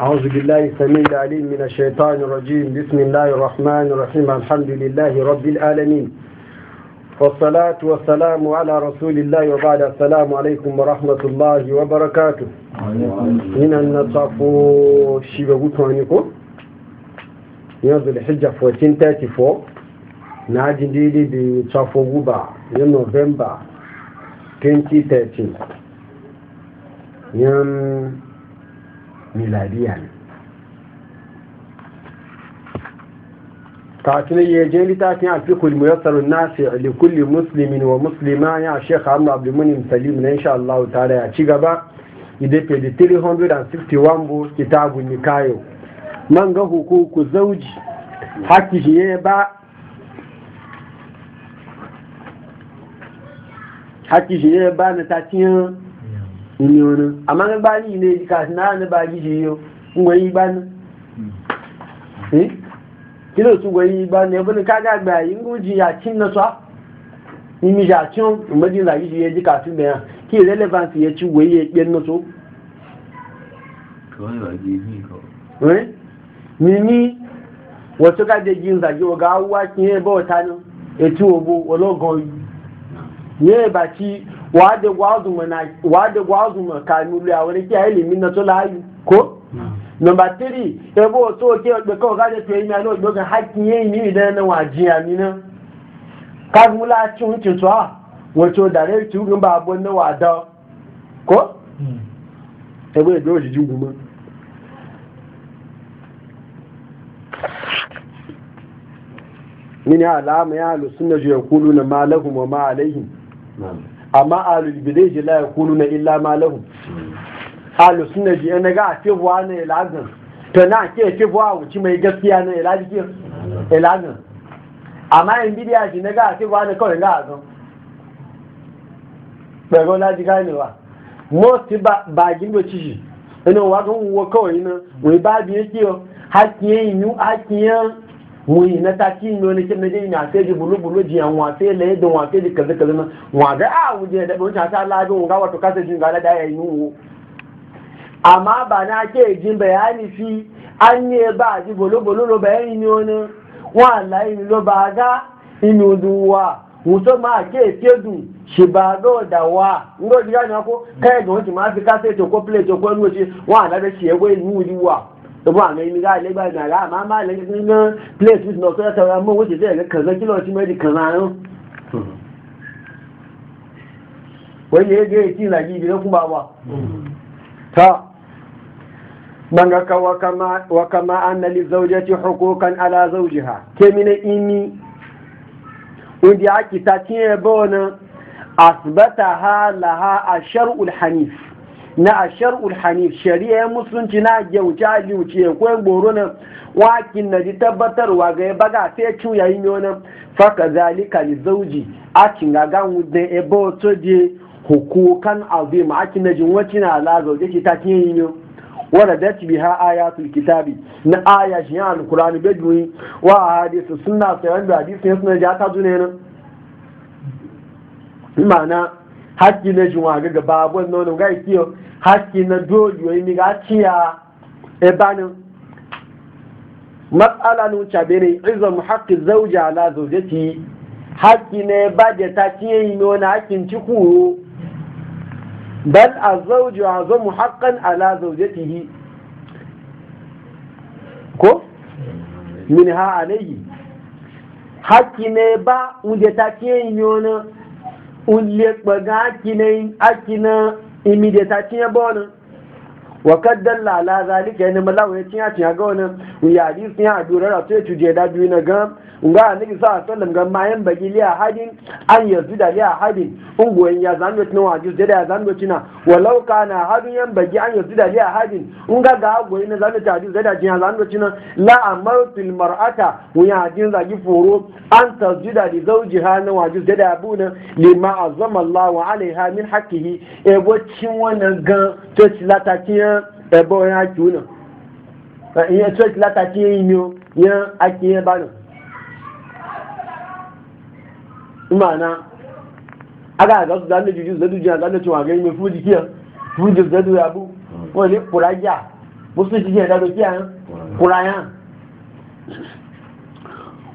أعوذ بالله السميع العليم من الشيطان الرجيم بسم الله الرحمن الرحيم الحمد لله رب العالمين والصلاة والسلام على رسول الله وبعد السلام عليكم ورحمة الله وبركاته من النصف شبابوت وانيكو ينزل الحجة 1434 نعجي ديلي بصفو غوبا نوفمبر 2013 يوم miladiya ne kafin yaje littafin alfikul muyassarun nasi li likulli muslimin wa musulma ya shekh ne abdulmunim salim na insha Allah da ya ci gaba idafe da 361 bu kitabun nikayo man ga hukuku zauji haki shi ba haki shi ba na tatiyan ní orin àmá ń bá ní ilé ìkàtí náà ní bá jíṣe yíó ń wọ́n yí bá ní kí ló tún wọ́n yí bá ní ẹbọ́n kágàgbà ìngún jí àti nọ́sọ́ níbi àti ìmọ́dí ìlà jíṣe yẹjí kàtí mẹ́ràn kí irrelevant yẹ tí wọ́n yẹ pé nọ́sọ́ mi ní wọ́n tó kájẹ jí ìzàjí ọ̀gá wá kí ẹ bọ́ ọ̀tá ní ètò òbó ọlọ́gàn yìí ní ẹ̀bà tí wada gwazuma ka lu a wani kiyaye limin na tola hayu ko nọmba 3 ebe otu oke ogbe ga gaje to yi mai alo ogbe hakin yi ni idan na waji ya nina kagmula ci wuce tuwa wato dare ci wurin abụọ abuwan na wada ko ebe ebe ojiji guma ya alama ya alusun na jiya kulu na ma alaihim amma alul bidaiji la na illa ma lahum alu sunna ji an ga ake wa ne ilazin to na ke ke wa wuci mai gaskiya ne ilaji ilazin amma in bidiya ji na ga ake wa ne kawai ga azan bẹ̀rọ láti gáìnì wa mọ́ sí bàájí ló ti yìí ẹni wà tó ń wọ kawai yìí náà ba bá bí é kí ọ wuyi na ta ci ne wani kimna dai na sai ji bulu bulu ji an wafe la yadda wafe ji kaza kaza na wa a ah, wuje da mun ta ta labi wa wato kasa jin gala da yayi wu amma ba na ke jin bayani fi an ne ba ji bulu bulu lo bayani ne wani wa lai lo ba ga inu duwa wuto ma ke tedu shi ba zo da wa ngo na ko ga ma fi to ko plate ko wa shi gbogbo àwọn ẹni gáà lẹ́gbà ìgbàlá àmà máa lẹ́gbà nínú place with north west ọ̀rọ̀ mọ́ òṣèṣẹ́ ẹ̀rẹ́ kànzán kí lọ́ọ́ tí mẹ́rin kànzán rán wọ́n yẹ gẹ́gẹ́ tí ìlàjì ìdílé kún bá wà ta mangaka wa kama annali zaujati hukukan ala zaujiha kemina imi wanda ya kita tiye bona ha laha hanif na ashar ulhani shari'a ya musulunci na gyauce a gyauce ya goro nan wakin na ji tabbatarwa ga ya baga sai ya cin yayin yonan faka zalika li zauji a cin gagan wudan ebe wato je hukukan azim a cin na jin wacin ala zauje ta cin yayin yo wadda da ci biha ayatul kitabi na aya shi ya alkurani bedwi wa hadisi suna sayan da hadisi suna ja ta zune nan ma'ana haƙƙi na juma ga gaba abuwan nonon ga ikiyo haƙƙi na dole yoyi mi ga ciya ebanin matsala nun cabe ne izon haƙƙi zauja ala zaujati haƙƙi na ba da ta ciye yi wani haƙƙin cikuro bal a zauji wa zo mu haƙƙan ala yi ko min ha alayhi haƙƙi ne ba wuje ta ciye yi wani. ulle kpaga akina akina imidiyata cinye bonin wakad dalla ala zalika yana malawa ya cinye cinye ga wani yari sun yi a durar a sai cuje da biyu na gan. nga annabi sa sallam ga mayan bagi liya hadin an yanzu da liya hadin unguwan ya zanu tinu wa jiz da ya zanu tina walau na hadin yan bagi an yanzu da liya hadin nga ga agoyi na zanu ta jiz da jin zanu tina la amartul mar'ata wuya ya jin zagi foro an tasjuda li zawjiha na wa juz da abuna lima azama Allah wa alaiha min haqqihi e bocin wannan gan to lataki kiyan ebo ya kiuna iya e, to e, tilata kiyan yo yan akiyan banu imana aga ga su zane jujju zadu jiya zane cewa ga mai fuji kiya fuji zadu ya bu wani kuraja musu ji ke da kiya kuraya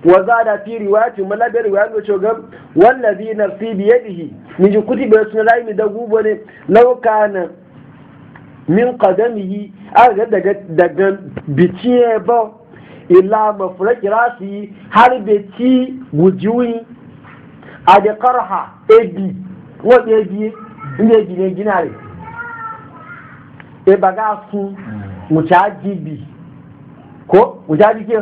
wa da fi riwayati malabi riwayat wa shogam wallazi nafsi bi yadihi min ji bai sun rai mi da gubo ne lauka na min qadamihi aga daga daga biciye ba ila mafraki rasi har bai guji gujiwi ade karha ebi wọ́n ti ebi ndé ebi ní gina rẹ̀ ebaga sun mucha jibi ko mucha jike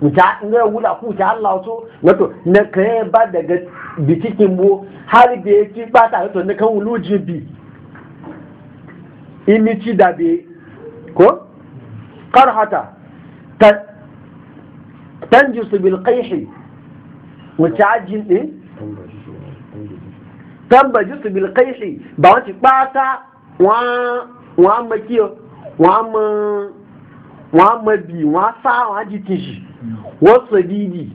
mucha ne wula ku mucha Allah so wato na kai ba daga bitikin mu har da yake ba ta wato na kan wulu jibi imici da be ko karhata tanjisu bil qaihi wacce ajin ɗin tambaji su bil kaishi ba wacce ɓata wa makiyo wa mabi wa sa wa jikin shi wasu didi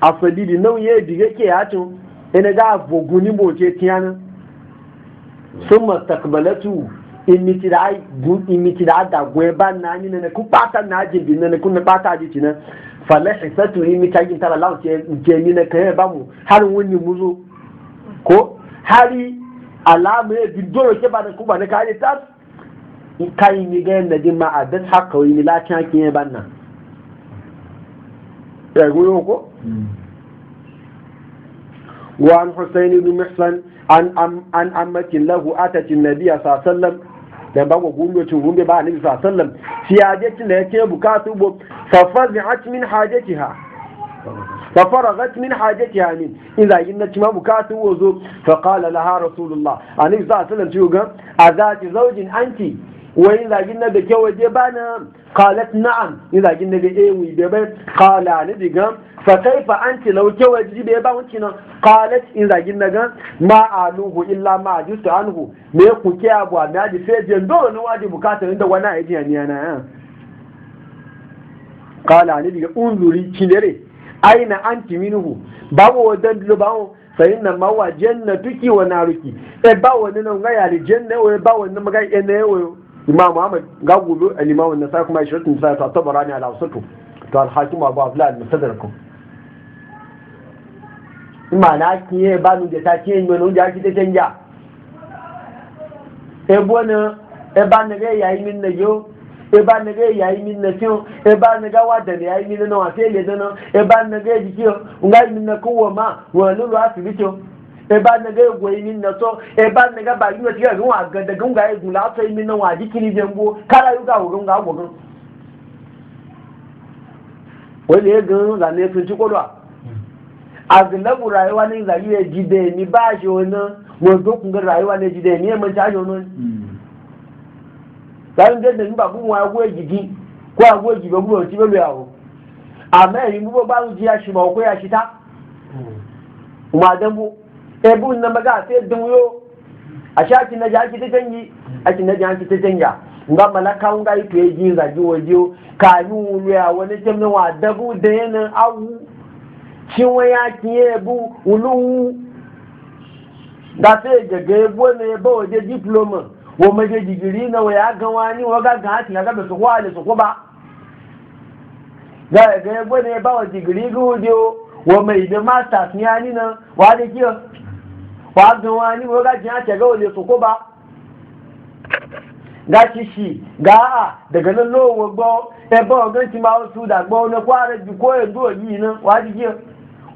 a sadidi nauyi diga ke yacin ina ga boguni boce tiyanin sun mastakbalatu imiti da da gwe ban na ni ne ku ɓata na ajin din na ku na ɓata ajin falashi satu yi mitagin tara lawan ce jemi na kayan ba mu har wani muzo ko hari alamu ya bidoro ke ba da kuma na kayan ta kayi ni ga na jin ma a dan haka wani lafiya ke yi ban ya goyo ko وعن حسين mihsan an عن عن أمة له dan ba gogun lokacin gumbe ba annabi sallallahu alaihi wasallam shi hajjacin da yake bukatu bo fafazi'at min hajjatiha ففرغت من حاجتها من إذا جنت ما بكات وزو فقال لها رسول الله أنا صلى الله عليه وسلم تيوغا أذات زوج أنت وإذا جنت بك وجبانا قالت نعم إذا جنت بإيه وجبان قال أنا fakaifa an ci lauke wa jibe ya ba ci nan kalat in zagin na gan ma anuhu illa ma ajustu anhu me ku ke abu a naji sai je dole ne waje bukatar inda wani a yajiya ne yana yan kala ne daga unzuri cinere aina an ci minuhu babu wadan dilo bawo sayin na mawa janna tuki wa naruki e ba wani nan ga yali janna wa ba wani maga ene wa Ima muhammad ga gobe al-imam an-nasai kuma 20 sai ta tabarani al-awsatu to al-hakim abu abdullah al-musaddarakum mana kiye ba nu jeta kiye nyo nu ja kite tenja ebo na eba na ga yayi min na yo eba na ga yayi min na tiyo eba na ga wa da yayi min na ase sai le dana eba na ga ji kiyo nga min na ko ma wa lu lu asibi tiyo eba na ga go yi min na so eba na ga ba yu tiyo ga wa ga da e ga yi gula so yi min na wa ji kini jembo kala yu ga wo ga wo ga wani ya gan zane sun ci kwalwa azilabu rayuwa ne zari ya ji ni ba shi wani wanzu kunga rayuwa ne ji da ni yamman caji wani zarin da ni ba kuma ya goya ko ya ba kuma bebe yawo amma ya yi ba su ji ya shi ma ko ya shi ta kuma dan bu ebu na maga sai dun yo a shaki na jaki ta canji a kin na jaki ta canja nga malaka nga ito ya ji zagi waje ka yi wulu ya wani jami'a dabu da yanin tí wọ́n yá kí ẹbú olówó dáfẹ́ gẹ̀gẹ́ ẹbú ẹ̀mẹ́ e ẹbọ́ òde e dípúlọ́mà wọ́n mẹ́jẹ jìgìrì náà wọ́n yá gan wá ní wọ́n gàgà á ti yàgá bẹ̀ sọ́kọ́ àlè sọ́kọ́ bá gẹ̀gẹ́ ẹbú ẹ̀mẹ́ ẹbá wọ́n jìgìrì gúdí o wọ́n mẹ́ ìdè masters ní á nínà wọ́n á lè kí ọ wọ́n á gan wá ní wọ́n gàgà á tẹ̀gẹ́ òlè sọ́kọ́ bá shi ga a daga nan lowo gbọ́ ẹbọ́ e ọ̀gán ti máa ń sùn dàgbọ́ ọ̀nà kwara jù kó èdè òyìn náà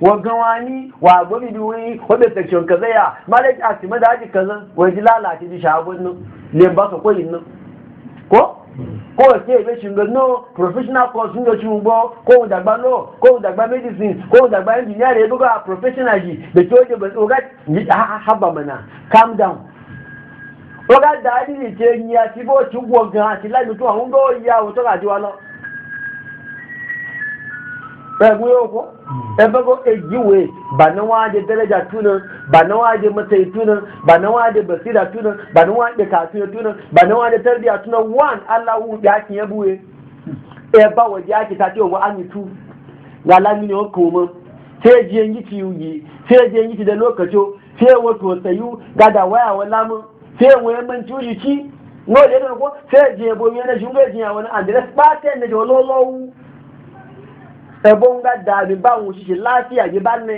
wagan wani wa gobi duwi wadda section kaza ya malaki a sima da haji kaza waje lalace ji shahabun nan ne ba ka koyi nan ko ko ke ebe shi no professional course ndo shi ko wanda gba ko wanda gba medicine ko wanda gba engineer professional ji da ke oge ba oga ji haba mana calm down oga da adiri ni yi ati bo ti ugbo gan ati lai mutu àwọn ndo ya o to ga ji wa lo ẹgbẹ́ yóò ɗabago ejiwe ba na waje daraja tunan ba na waje matsayi tunan ba na waje basira tunan ba na waje kasuwa tunan ba na waje tarbiya tunan wan allahu ya ki ya buwe e ba waje ya ki ta ce wa ami tu ga lamini o koma sai je yi ci yi sai je yi da lokaci sai wato sayu ga da waya wa lamu sai wayan man ci ci ngo da ko sai je bo yana shunga jiya wani andres ba ta ne da lolowu ẹ̀bọ́n ga dàbí báwọn òṣìṣẹ́ láti àyè bá ní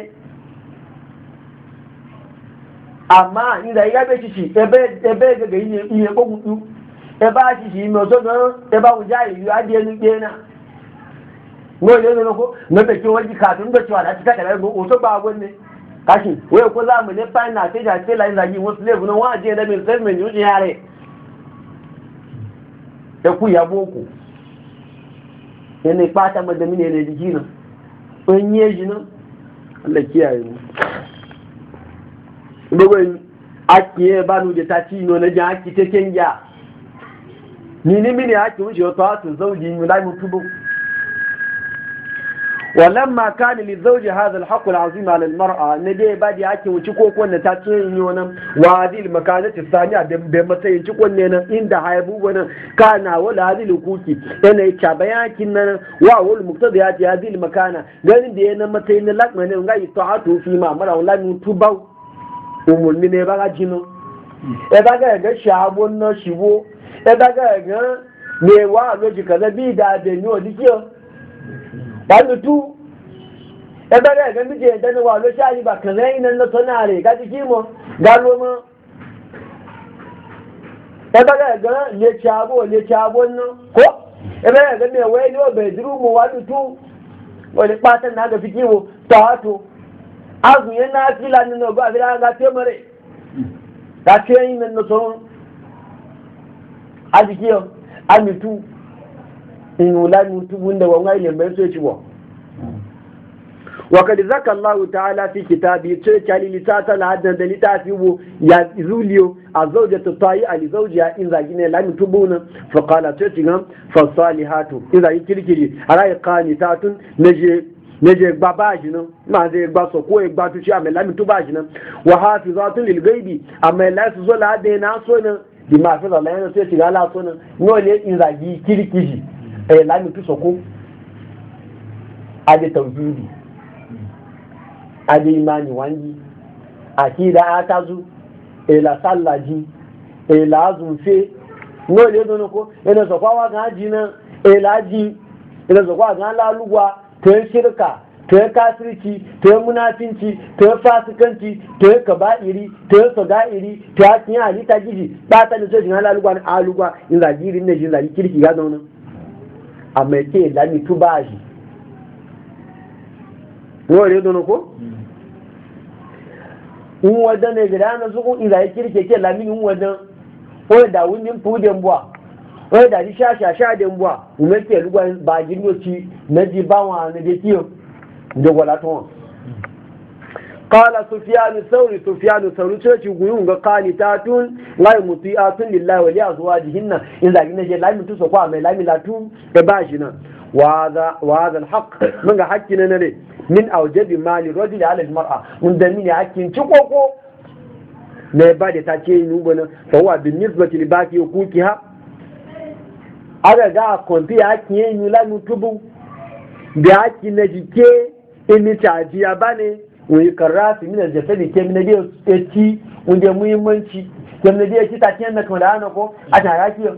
àmá ìdá ìyábẹ̀ ṣìṣì ẹbẹ́ gẹ̀gẹ̀ iye kókùtù ẹbá ṣìṣì ìmọ̀ sọ́dọ̀ ẹbá òjá ìlú adé ẹni gbé náà wọ́n lè lọ́nà kó mẹ́bẹ̀ kí wọ́n jí kàtó ń gbẹ̀tọ̀ àdá ti kàkàrà ẹgbẹ́ òṣó gbà wọ́n ní na wọ́n kó láàmù ní pàìn àti ìjà yana fata madami ne jiki nan in yi shi nan Allah kiyaye mu aki ba da ta ci no na jan aki ta kenya ni ni mini aki wuce wata wasu zauji mu lai walamma kana li zawji hadha al haqq al azim ala al mar'a ne dai ba da yake wuci ko ko ta ce in yi wannan wa adil makanati thaniya da matsayin ci kunne nan inda haibu wannan kana wala adil hukuki ina ya ka bayakin wa wal muqtada ya ji adil makana gani da yana matsayin lakma ne ga itaatu fi ma mara wala ni tubau umul min ba ga jino e ba ga ga shabon na shibo e ba ga ga ne wa logical bi da da ni o dikio tu ebe da ga mije da ne wa ba kan rai nan na ga jiki mo ga roma mo ga ne chabo ne chabo no ko ebe da ga yau wai lo mu wa tu wani patan na ga fiki ta hato azu na fila ni no ga fila ga te ga te yin nan a jiki yo a tu inula mutubu da wanga ile mai so ci bo wa kad zaka Allah ta'ala fi kitabi ce kali litata la hadan da litafi wo ya zuliyo azawjatu tayi ali zawjiya in zagi ne la mutubu na fa qala ce ci gam fa salihatu in zagi kirkiri ara qanitatun naje neje gba baaji na ma ze gba so ko gba tu ci amela mi tu baaji na wa hafizatun lil ghaibi amela su zo la de na so na di ma fi la na so ti ga la so na no le in zagi kirkiji eh lami tu soko ade tauhidi ade imani wanji atazu ela sallaji ela azunfe no le ko ena so kwa ga jina ela ji ena so kwa ga la lugwa te shirka kafirci munafinci te fasikanci te kaba'iri sagairi ta gidi ba ta da so alugwa in zagiri ne kirki ga zauna àmẹ́kẹ́ ìlànà tó báyìí wọ́n rí dúnú kó in wajen ne gida na sukun iza ya kirke ke lamini in wajen wani da wunin fudin buwa wani da ji shasha sha din buwa umarke lugwa ba jirgoci na ji ba wa na da kiyo da قال سفيان الثوري سفيان الثوري تشي غيون قانتات لا مطيعات لله ولأزواجهن إن ذاك نجي لا يمتو سوى ما لا يملاتو كباشنا وهذا وهذا الحق من حقنا نري من أوجب مال الرجل على المرأة من دمين حقين تشوكو ما بعد تاكي نوبنا فهو بالنسبة لباقي حقوقها aga ga kwanti hakin yin yula nutubu da hakin na jike imi caji ya bane wai karrafi min aljasadi ke min da ya ci wanda muhimmanci ke min da ya ci ta tiyan da kamar ana ko a ta ya ki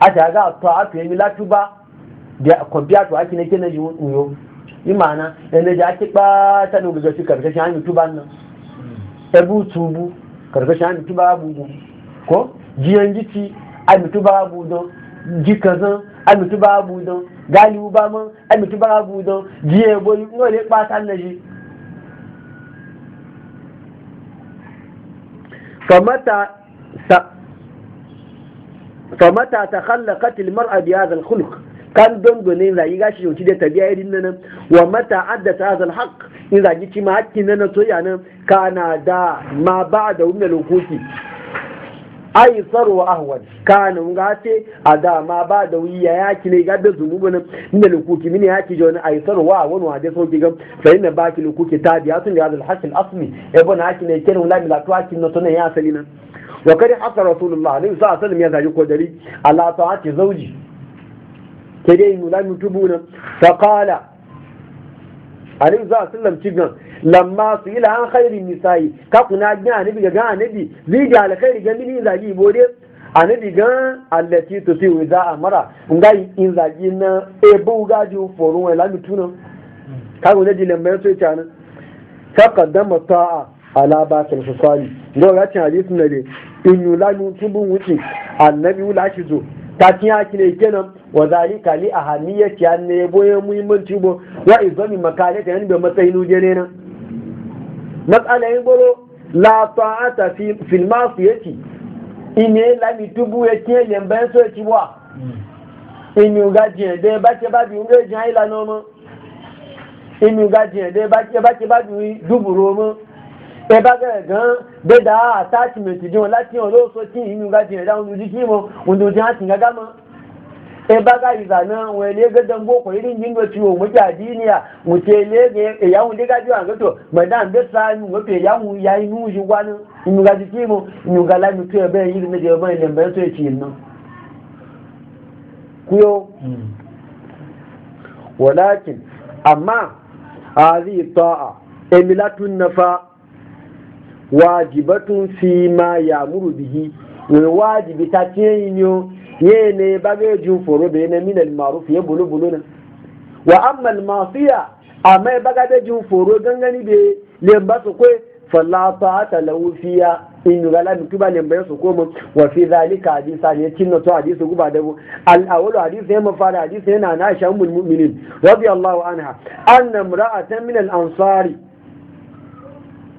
a ta ga to a fiye mi latu ba da kwabiya to ake na kenan yi uyo imana yana da ake ba ta nuga gasu karkashin hanyar tuban nan ebu tubu karkashin hanyar tuba bugu ko jiyan gici a mutu ba budon jikazan a mutu ba budon galibu ba man a mutu ba budon jiyan boyi ngole ba na shi famata ta hallaka tilmar mara bi hadha al kan dongone na yi gashi yauki da tabiya irin nan wa mata addata ta al-haqq in zagi ci hakki nan to ya nan kana da ma ba da wunan lokaci ai sarwa ahwad kana a dama ba da wiya yaki ne ga da zunubu nan inda lukuki mini yaki jona ai sarwa wani wa da sauki ga fa inna baki ta biya sun ga al-hasil E, ibn haki ne kenan la mila tuaki no tonan ya salina wa kadi hasa rasulullah alaihi wasallam ya zaji kodari ala ta'ati zauji kede mu la mutubuna fa qala alaihi wasallam cigan lamma su yi la'an khairi misayi ka kuna gina anabi ga gan anabi zai alkhairi ga mini zagi bode anabi ga allati to si wai za a mara nga in zagi na e bu gaji forun wai lami tuna ka kuna ji lamma so ita nan ka kaddama ta'a ala ba fasali ngo ga cin hadisi ne in yulamu tubun wuce annabi wula shi zo ta kafin haki ne kenan wa zalika li ahamiyyati an ne boye muhimmanci bo wa izami makalata yan da matsayin ujene nan matsala yin goro la ta'ata fi fil ma'siyati in ye la mi tubu ye tiɲɛ yen bɛn so ti wa inu ka diɲɛ den ba cɛ ba bi n bɛ diɲɛ ayi la nɔ ma inu ka diɲɛ den ba cɛ ba cɛ dubu bi duburo e ba kɛ gan bɛ da a ta lati ti o la l'o so tiɲɛ inu ka diɲɛ da o nu di tiɲɛ ma o nu diɲɛ a tiɲɛ ka ma. e baga izana wani ne ga dan boko irin yin wati wo mu ja diniya mu ce ne e ga ya mu diga jiwa ga to madan be sa mu mu pe ya mu ya inu ji wani mu ga ji mu mu ga la mu to e be yi ne je mai ne be to e ci no kuyo hmm. walakin amma hadhihi ta'a emilatun nafa wajibatun fi ma ya murubihi, wa wajibi ta tiyin yo ye ne ba ga foro be ne minal ma'ruf ye bulu bulu na wa amma al ma'siya amma ba ga da foro gangani be le ba su kwe fala ta'ata la ufiya in gala mi kuba le ba su koma wa fi zalika hadisa ne cin to hadisu guba da al awalu hadisu ne mafara hadisu ne na na shamul mu'minin radiyallahu anha anna imra'atan min al ansari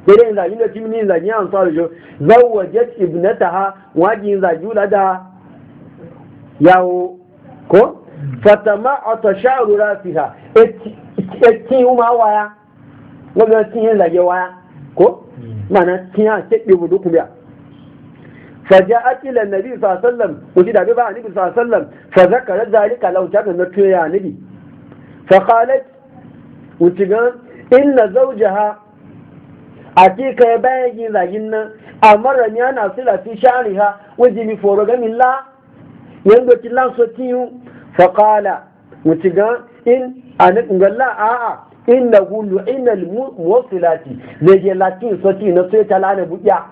dai in zagi da cimini zagi ansari jo zawwajat ibnataha wajin zajula da yawo ko fatama ọ̀tọ̀ ṣáàrù ráfi ha etí ma wáyá lọ́gbẹ́ tí yẹn làyẹ waya? ko mana tí yẹn ṣe pé bùdó kúmbíà fàjá akílẹ̀ nàbí sàásálàm òjì dàbí bá níbi sàásálàm fàjá kàrẹ́ zarí kàlà òjì àgbẹ̀ na tuyẹ̀ yà níbi fàkàlẹ̀ òjì gan inna zauja ha a kai bayan yin zayin nan a mara ni ana sila fi sha'ani ha wajen foro gamin la yanda ki lanso tiyu fa qala wuci ga in an ngalla a a inna hu lu'ina al muwassilati ne je latin so ti na so ta lana buya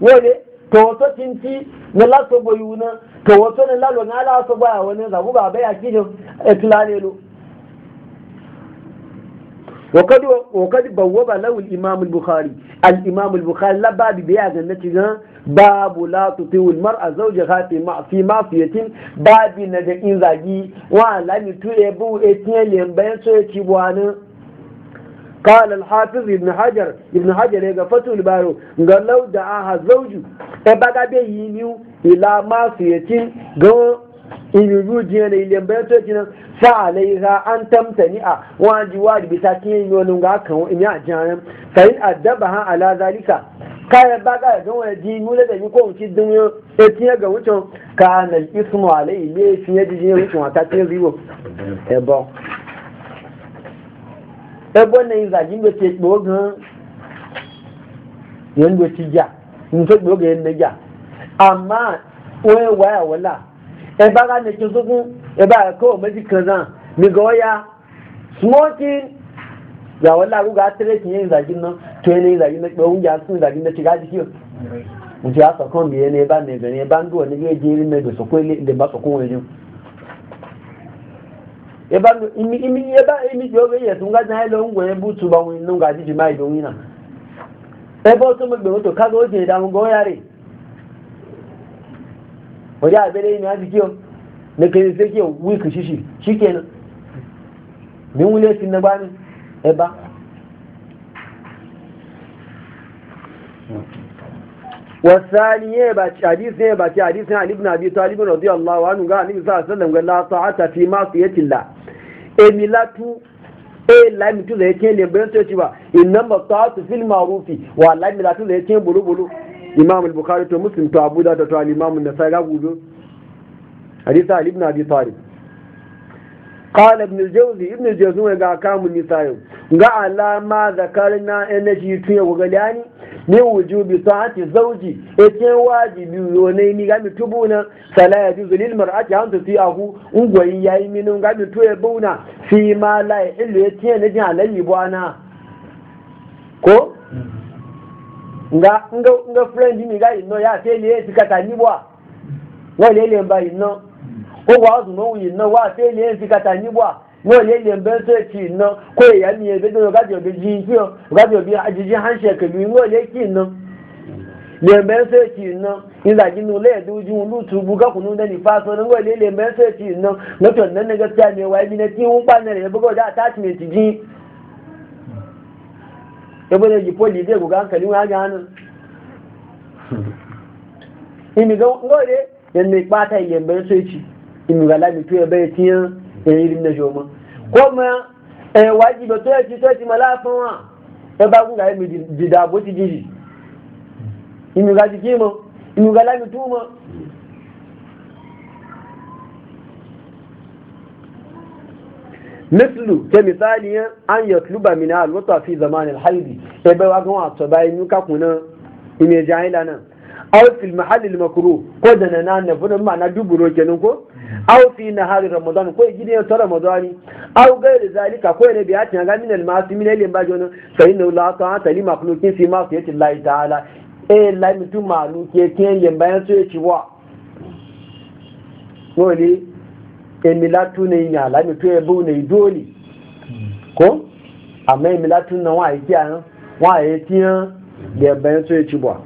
wole to wato tinti na laso boyuna to wato na lalo na laso baya wani zabu ba baya kijo etulale lo وقد وقد بوب له الامام البخاري الامام البخاري لا باب بيان نتيجه babu la tutiwul mar'a zawjaha fi ma fi mafiyatin babi na da in zagi wa lami tuye bu etiye lembayan so ci buwanin قال الحافظ ابن حجر ابن حجر يقول فتو البارو قال لو دعاها الزوج ابقى بيهينيو الى ما سيتين قال إنه يجينا إلى بيتنا فعليها أن تمتنع واجي واجي بساكين يولونغا كون إن يعجانا فإن أدبها على ذلك kaya ba ga gan wani ji nuna da ko wuce dun ya tiye ga wucin ka na ismu alai ne fiye da jiye wucin wata tiye riwo ebo ebo na yin zagin da ke kpo gan yan ja in so kpo ja amma wani waya wala e ba ne ki sukun e ba ko maji kaza mi ga waya smoking ya wala ku tare ki yin zagin nan tó yẹn ní ìlàyé mẹ́pẹ́ oúnjẹ àtúntò ìlàyé mẹ́tì láti kí o ǹjẹ́ àsọ̀kọ́ mi yẹn ní ẹ bá nẹ̀gbẹ̀ ní ẹ bá ń dùn ní ilé jẹ́rí mẹ́gbẹ̀ sọ̀kọ́ ilé bá sọ̀kọ́ wọn jù. ẹ bá imi imi ẹ bá imi tí ó fẹ́ yẹ̀sùn ká jẹ́ lọ ń wọ̀ ẹ́ bú tuba wọn inú ga jíjù máa ìdòwìn náà. ẹ bọ́ tó mọ̀ gbẹ̀wò tó kága ó jẹ́ ìdààmú gan yàrá ọjà àbẹ́lẹ́ yìí ni a ti kí o ní ni wasani ya baki hadis ya baki hadis na ibn abi talib radiyallahu anhu ga annabi sallallahu alaihi wasallam ga la ta'ata fi ma'siyatillah emi latu e la mi tu le ken le bon to ti ba inam ta'atu fil ma'ruf wa la mi latu le ken bulu bulu imam al-bukhari to muslim to abu da to al-imam an-nasai ga gudu hadis ibn abi قال ابن الجوزي ابن الجوزي وقع كام النساء قال لا ما ذكرنا ان شيء وغلاني من وجوب طاعة الزوج اتين واجب يونين غامي تبونا فلا يجوز للمرأة أن تطيعه ungwayi yayi minin gami tuwe bauna fi ma la ilu ya tiye na jin halalli bwana ko nga nga nga friend mi ga ino ya fe le ti kata ni bwa wa le le ino ko kwa wasu mo wuyi na wa sai le fi kata ni bwa no le le mbe ti na ko ya mi e bedo ga jo beji fi o ga jo bi ajiji hanse ke mi no le ki na le mbe se ti na ila jinu le du ju lu tu bu ga kunu da ni fa so ngo le le mbe se ti na no to nan ne gaskiya ne wa mi ne ti un pa ne le bu ga da attachment ji e bo ne ji poli de go ga hankali wa ga nan imi ga ngo le yan ne pata ile mbe se ti ìmùgàlá e, e, mi tó ya tí ń ẹ̀yìn rí mẹ́ṣọ́ mọ́ kó mọ ẹ̀wà jìbọ̀ tó ẹ̀tì tó ẹ̀tì mọ́ láàfin wọn ẹ bá gúngà ẹ̀mí dìdà bó ti jìjì ìmùgà ti kí mọ́ ìmùgàlá mi tó mọ́ mislu ke misali yan an ya tluba min alwata fi zaman alhaidi Ya e, bai wa wakan wata bayan yuka kuna ime jahila nan A fil mahall al makruh ko da na na na fudan ma na duburo kenan ko aw fi nahari ramadan ko gidi ne to ramadani aw gairi zalika ko ne biya tin ga minal masu minal yin bajo no fa inna la ta'ata li makhluqin fi ma fi Allah ta'ala eh la mutu malu emilatu ne yin ala mutu e bu ne idoli ko amma emilatu na wa yi e an wa yi e tin da bayan so yaci wa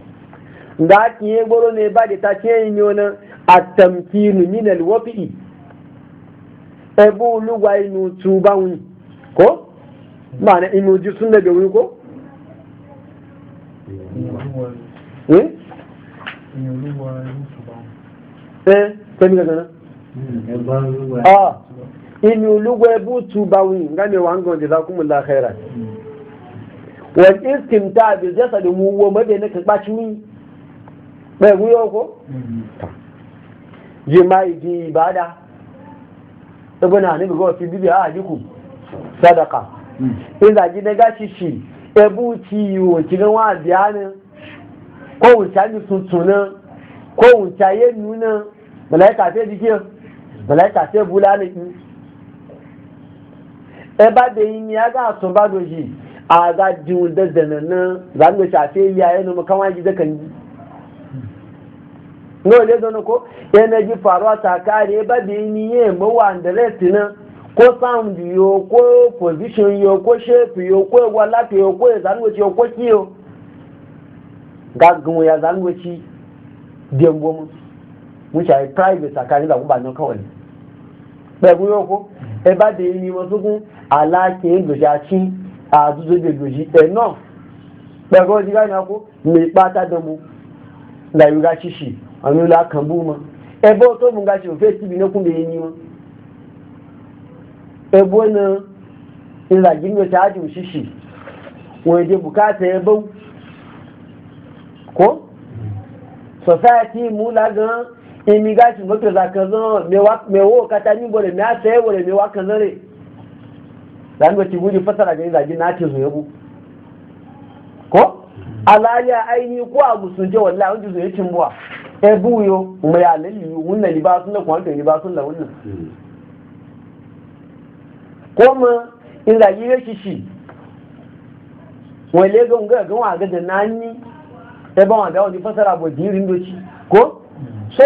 da ki gboro ne ba da ta ce yin yo na atamkinu nina lwaki ebu luwa inu tuba wun ko mana inu ji sun da gawi ko eh sai eh, ga gana ah inu luwa ebu tuba wun ngane wango da za kuma lahaira wa istimta bi jasadi mu wa madena ka bachi mi be wuyo ko mm-hmm. jima'i ji ibada ibn hanibu ga fi bibi a aliku sadaka hmm. in zagi na gashi shi shi. ebu ci yiwo cikin wa biyanin ko wuce ni sunsunan ko wuce ya nuna malaika sai jikin malaika sai bula ne ɗin e ba da yi ni ya ga sun ba doji a ga jiwon dazzana nan za mu shafe yayin mu kan waje da kan no le don ko yana ji faruwa takare ba bi ni ye mo wa ndrest na ko sound yo ko position yo ko shape yo ko wala ke yo ko zanwe yo ko kiyo gagun ya zanwe ci dembo mu mu cha e private takare da ku ba no kawai be bu yo ko e ba de ni mo sugun ala ke do ja chi a du do de loji e no be go ji ga na ko mi pata do mu la yu ga chi anula kambu ma ebo to mun gashi fe tibi na kun be ni ma ebo na in la jingo ta ju shishi wai je bukata ebo ko society mu la gan imi gashi mo to za kan zan me wa me wo ni me ase bore me wa kan zan re dan ba ti fasara ga zaji na ce zo yabo ko alaya aini ko agusun je wallahi wanda zo yakin buwa ebu yo mai alalli wannan libasun da kwanto libasun da wannan kuma in yi ya shi shi wale ga ga ga wa ga da nani sai e ba wa ga wani fasara bo jirin doci ko so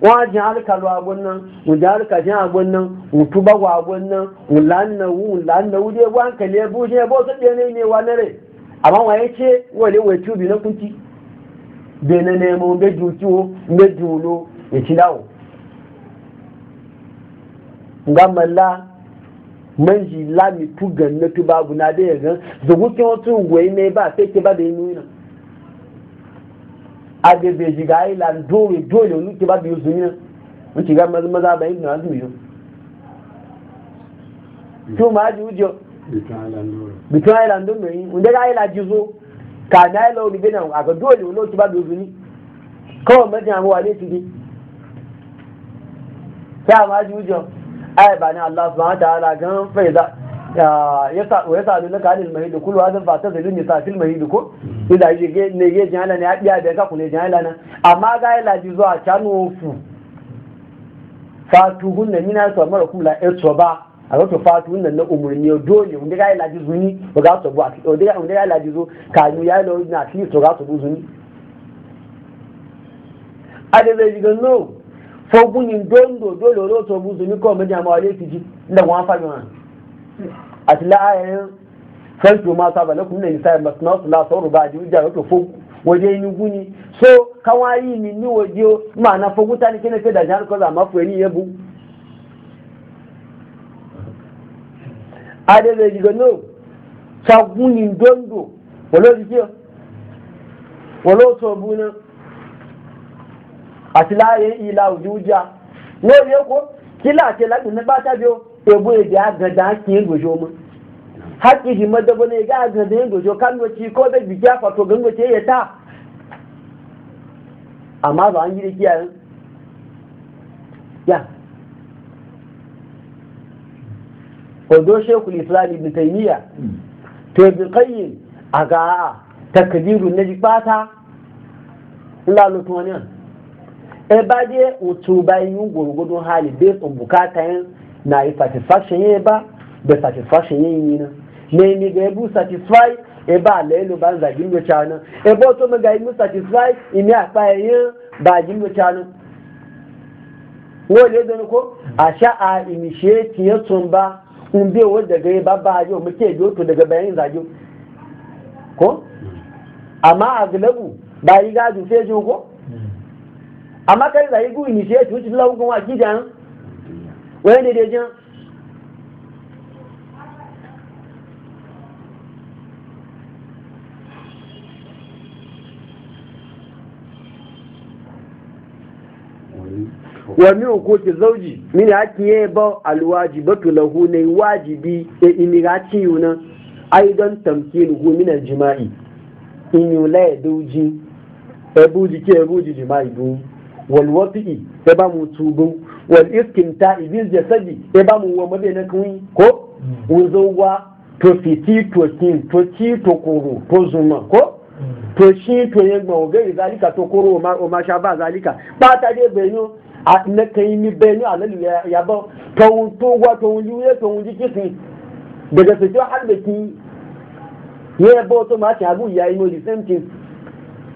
wa jin halka lo abun nan mu jin halka jin abun nan mu tuba wa abun nan mu lanna wu lanna wu dai wan kale bu je bo sai ne ne wa nare amma wa yace wale wai tubi na kunti bẹ̀rẹ̀ nẹ́mọ̀ méjì tí ó méjì ló ìtìláwò gamala manji lami tu ganna tu babu na da yagan zugu ke wasu goyi ba sai ke ba da yin nuna a da bai ji ga dole dole wani ke ba biyu su yi ga maza maza ba yi na yau ma ji wujo bitun island don mai wanda ga ilan ji zo ka na yi launi bina a ga dole wani otu ba da uzuni kawai mafi amma wane su ne ya ma ji wujan ai ba ni Allah subhanahu wa ta'ala gan faiza ya sa nuna ka halin mahidu kulu wa zan fata zalun ya sa fil mahidu ko idan ya ge ne ge jihala ne ya biya da ka kule jihala na amma ga yi laji zuwa canu fu fatuhun na mina su amara kula ya eh, ba a zato fatu wannan na umarni dole wanda ga ilaji zuni ba ga su ba wanda ga ilaji zo kanu ya ilaji na fi to ga su bu zuni a da zai jigan no fogunin dondo dole wani otu bu zuni kawai mai jama'a ne fi ji inda kuma fami wani a ti la'ayayin farko ma saba na kuma na nisa masana su la sauru ba a ji wujar wato fogu waje yi guni so kawai ni ni waje ma na fogu ta ni kina fi da jihar kwaza mafi wani yabu adẹ́lẹ̀ yìí lọ́nà sagun ní dondo wọ́n ló ti kíọ́ wọ́n ló sọ bu náà àti láàyè ìlà òjò jà wọ́n yẹ kó kí láti ebu èdè agàdá kì í gòjò haƙƙi shi madaba ne ga agàdá yin gòjò kan doci ko da jiki a fato gango ce ya ta amma ba an yi da ya odo shekul islam ibn taymiya to bi qayyin aga a takdiru naji pata la lo tun yan e ba je utu ba yin gurgudun hali be to bukata yin na yi satisfaction yin ba da satisfaction yin ni na ne ni ga bu satisfy e ba le lo ba za gindo chana e bo to me ga mu satisfy imi apa yin ba gindo chana wo le don a sha a initiate yin tun ba in bai wanda gare babba a muke biyo to daga bayan zage ko amma a gilabu ba yi gaju sai jo ko amma kai zai gu ni sai tuci lawu kuma kijan wani da jan wa min hukuki zauji min haki ya ba alwajibatu lahu ne wajibi e imiraci yuna aidan tamkinuhu min aljima'i in yula ya dauji e buji ke e buji jima'i bu wal wafi'i e ba mu tubu wal iskinta ya jasadi e ba mu wa mabe na kun ko wuzowa mm. to fiti to kin to ci to koro to zuma ko mm. to shi to yegba oge zalika to koro o ma sha ba zalika ba ta de benin na kai mi bayani alalu ya ba tawun togwa tawun juye tawun ji kisi daga su har da ki ya ba wato ma ta abu ya yi no the same thing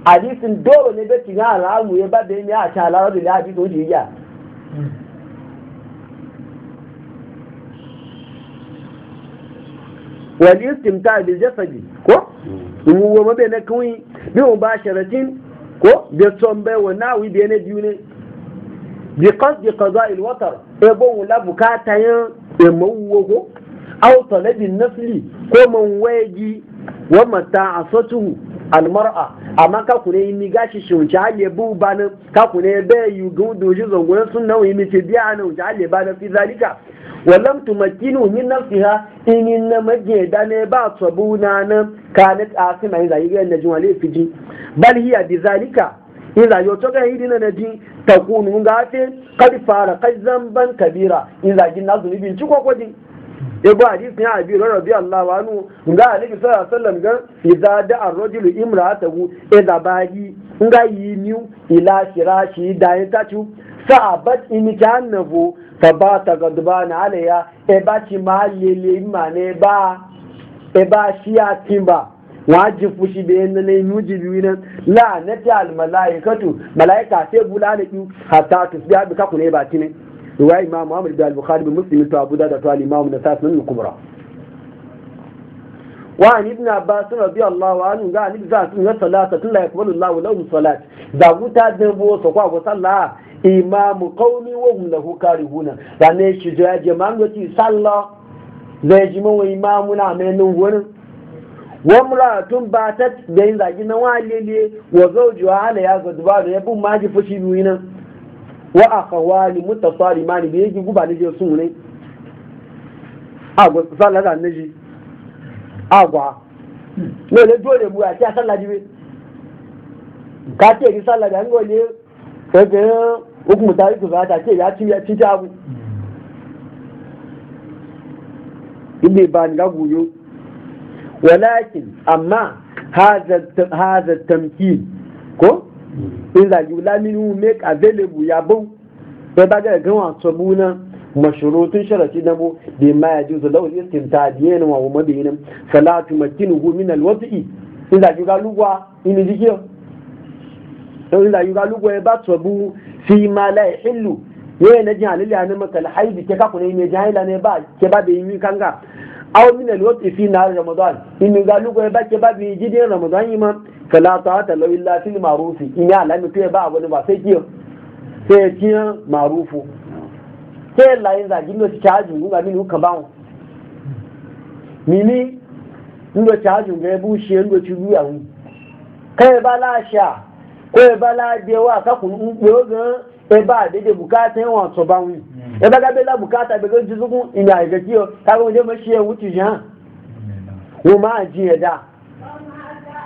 hadisin dole ne bai tina alamu ya ba bayani a ta alamu da to wuce ya wal istimta bil jasadi ko mu wa mabe na kawai bi mu ba sharatin ko bi tsombe na nawi bi ne biyu ne bi qasdi qada'i al-watar e bo wala bukata ya e mawwo ko aw ko man wa almar'a amma ka kune yi miga shi shi wuce hali bu ba nan ka kune bai yi gudu doji zangon sun nan yi mace biya nan wuce hali ba na fi zalika wallam tumakinu min ha ini na maje da ne ba tsabu na nan ka na tsafi mai zai ga na jin wale fiji bal hiya bi zalika in zayo to ga hidina na ji ta kunu ga fe kar fara kai zamban kabira in zagin na zunubin ci ko kwaji ya ba hadisi ya abi rabbi Allah wa nu ga annabi sallallahu alaihi wasallam ga idza da ar-rajulu imra'atahu idza bahi ga yiniu ila shirashi da ya tachu sa'abat imitannabu fa ba ta gadbana alaya e ba ci ma lele ma ne ba e ba shi atin ba wajin fushi da yan nanai nuji biyu nan la na ta almalaikatu malaika sai bula da ki hatta tusbiya bi kaku ne ba tine riwaya imam Muhammad bin al-Bukhari bin Muslim to Abu Dawud to al-Imam Nasa'i sunan kubra wa an ibn Abbas radiyallahu anhu ga ni za su ga salata tun la yakbalu Allah lahu salat da guta da bo so kwa go sallah imamu qawmi wa hum lahu karihuna da ne shi da jama'an yati sallah zai ji mun imamuna mai nan wurin wamratun batat da yin zagi na walele wa zawjuha hala ya gadba da yabun ma ji fushi biyu nan wa akhawani mutasalimani bi yake guba ne je sun ne agwa sallah da naji agwa ne le dole bu a ta sallah jibe ka ce ri sallah da ngole ko ga hukumu tariku za ta ce ya ci ya ci ta abu ibe ba ni ga guyo walakin amma haza tamkin ko in zagi laminu make available ya bau sai ba ga gawa sabuna mashurutun sharati na mu bi ma ya juzu lawal istimta diyan wa wa mabinin salatu makinuhu min alwati in zagi ga lugwa in jikiyo to in zagi ga lugwa ya ba sabu fi ma la yahillu ye na jin halilla ne maka alhaidi ke ka ba ke ba yi aw min al-waqti fi nahar ramadan in ga lugo ya bake ba bi jidin ramadan yi ma fala ta'ata law illa fil ma'ruf in ya lami to ba wani ba sai kiyo sai kiyo ma'rufu sai la yin zagi no ci charge ngun ga minu kan bawo mini ndo charge ngun ga bu shi ndo ci ruya wu kai ba la sha ko ba la de ka kun ngun ga ẹba àdédé bukata ẹwọn àtọba wọn ẹba gábẹ́lá bukata gbẹgbẹ́ jùzùkún ìrìn àìgbẹ́ kí ọ káwọn ọjọ́ mọ́ ṣe ẹwú ti yàn wọn máa jí ẹ̀dá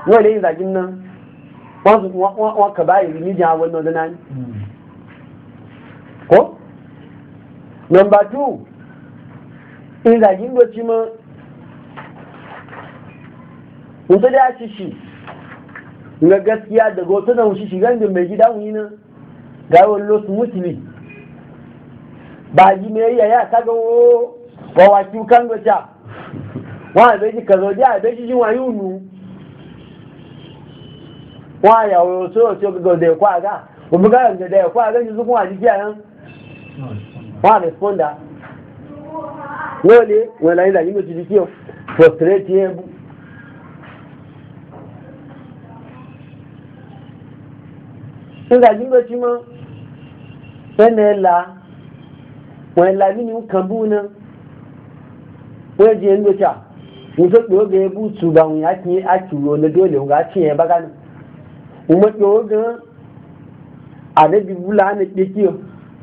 wọn lè ìdàgí ná wọn kàbá ìrì níjà àwọn ọ̀nà yi ni kọ́ nọmba tù ìdàgí ńlọ tí mọ́ nítorí àṣìṣì na gaskiya daga wata da wuce shigan da mai gida wuni nan gawo los muslim ba ji me ya ka ga wo wa wa ki kan go cha wa be ji ka zo ja be ji ji wa yunu wa ya wo so so go de kwa ga o bu ga de de kwa ga ji su kun wa ji ji ayan wa responda wole wala ila ni mo ti di ki o frustrate yebu nígbà tí ó ti mọ́ Wani ẹ̀là wọ̀n ẹ̀là nínú kànbú náà wọ́n jẹ́ ẹ̀lọ́chà ní tó pé ba ẹbú tùgbà wọn àti àtùrù olódó lè wọ́n àti ẹ̀ bá gánà wọ́n mọ́ pé oge àdébí wúlá ní pé kí o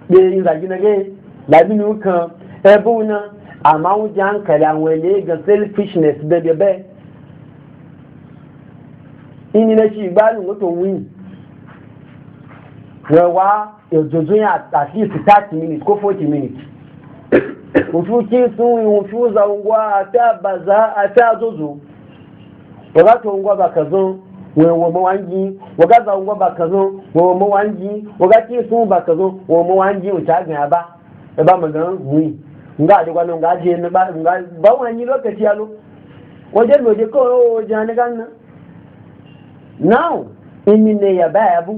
pé ìrìnàjò náà gẹ́ làbí nínú kan ẹbú náà àmọ́ àwọn jẹ́ a àwọn ẹ̀lẹ́ gan selfishness bẹ́ẹ̀ bẹ́ẹ̀ ìnira ṣì gbádùn ó tó wẹ̀wá ìjọjọ́ yẹn at least thirty minutes ko forty minutes òfin kí sún ìwọ̀n fún zàwọ̀wá àti àbàzá àti àzòzò wọ́gá tó ń gbọ́bà kàzán wọ́n wọ́n mọ́ wá ń yí wọ́gá zàwọ̀n gbọ́bà kàzán wọ́n wọ́n mọ́ wá ń yí wọ́gá kí sún bà kàzán wọ́n mọ́ wá ń yí òtí àgbìn àbá ẹ̀bá nga àdìgbà náà nga jẹ́ ẹ̀nà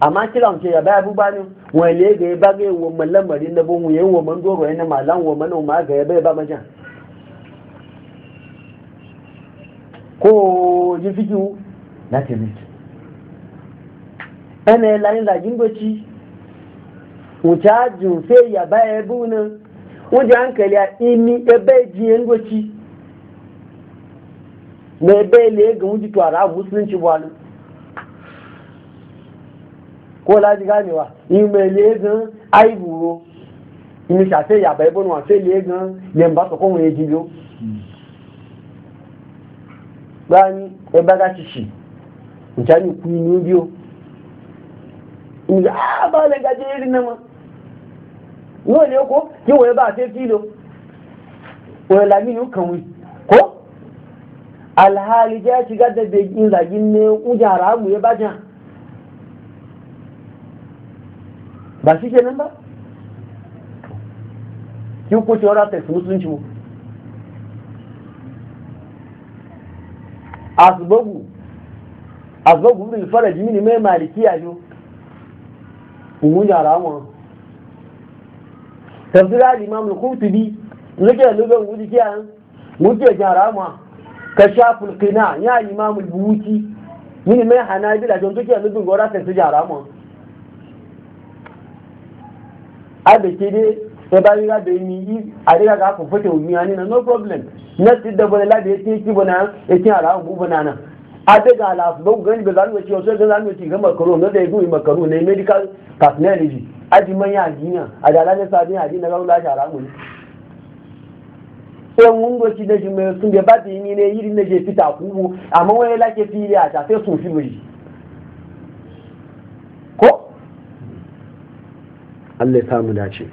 amma kiran ce ya baya bu bani wale ga ya ba ga wa mallamari na bon yayin wa man doro yana malan wa manoma ga ya bai ba majan ko ji fikiu na ce miki ana lain la jingoci Wuce jun sai ya baya bu nan wuje hankali a imi ebe ji yangoci na ebe le ga wuji to ara musulunci wani ko láti gáàmìwá ìmọ̀ èlé gan àìbùrò ìmọ̀ ṣàfẹ́ ìyàbá ìbọnù àfẹ́ èlé gan lẹ́mbà sọ̀kọ́ wọn èjì ló gbá ní ẹgbága ṣìṣì ìjánu kú inú bí ó ìyá bá lẹ́gà jẹ́ rí náà wọn ní oko kí wọ́n bá fẹ́ kí lo wọ́n làmì ní kàn wí ko alhali jẹ́ ṣìgá dẹ̀dẹ̀ ìlàjì ní oúnjẹ àràmù yẹ bá jẹ́ ba shi ke nan ba kin kuce wara ta musulunci mu asbabu asbabu bil faraji min mai malikiya yo mun yara mu tafsir al-imam al-qurtubi nake lugan wuji kiyan wuce yara mu kashaful qina ya imam al-buti min mai hanabila don take lugan gora ta yara mu adake dai e sai ba riga da yi yi a riga ga ku fita wumi ani na no problem na ti da bala la da yake ki bana yake ala ku bana na adega ala su dogo gani bezan wuce wasu ga zanu ti ga makaro na da yi makaro ne medical personality aji manya ajinya ne sabi aji na ga ula shara mu ne sai mun go ci da sun da ba da yi ne yiri ne je fita ku amma wai la ke fili a ta sai sun fi mu Allah ya samu dace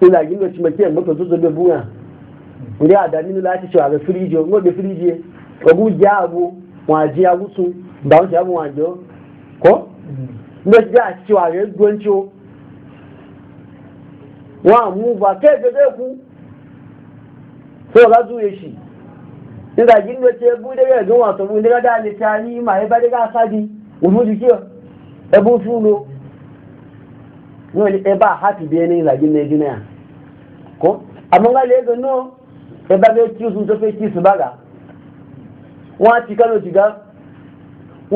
ila gina ci maki yamma ka zuzu da buya a dami nila ake cewa ga firiji wani wabe firiji ogun ji abu waje ya gusu da wani abu waje ko ne ji ake cewa ga gwancio wa mu ba ke ga zai ku so ga zuye shi nígbà jí ló ti ẹbú dẹ́gbẹ́ ẹ̀gbọ́n wọn àtọ̀mú nígbà dáa lè ti a ní ìmọ̀ ẹbá dẹ́gbẹ́ àsádi òfin ti kí ọ ẹbú fún lo ní ọ̀lẹ́ ẹbá àhàtì bí ẹni ìlàjì méjì náà kọ́ àmọ́ngálẹ̀ ẹgbẹ́ náà ẹbá bẹ́ẹ̀ tí oṣù tó fẹ́ tí oṣù bàgà wọ́n á ti kánò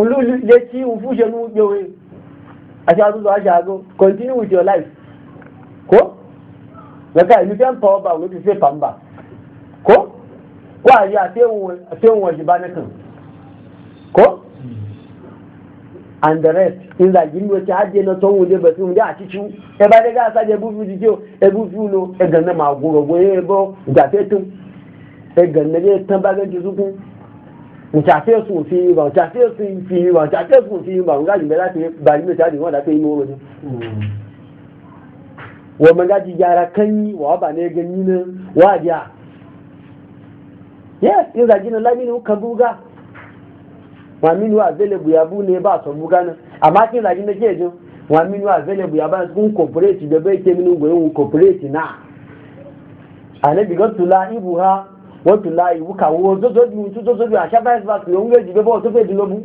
òlú lè tí òfú ṣe mú yòwe àti àdúgbò àṣàgó continue with your life kọ́ lẹ́ka ìlú fẹ́ ń pa ọba ko a ji a sayan waje ba na kan ko and the rest in that gini hmm. wace hajji na son wule ba sun a cikin e ba daga asa da bufu jike e bufu no e ganna ma goro go e bo da fetun e ganna ne tan ba ganji zuku mu ta fe su fi ba ta fe su fi ba ta fe su fi ba ga ji bela te ba ni ta ni wala te yi wo ni wa magaji jara kan yi wa ba ne ganyi nan wa ja yes yau zagi na lamini ka buga wa wa zele buya bu ne ba so buga na amma kin zagi na ke jo wa wa zele buya ba sun corporate da bai ke minu goyon corporate na anabi ga tula to la ibu ibuka wo zo zo du zo zo du asha ba ba ko nge jibe bo to fe di lobu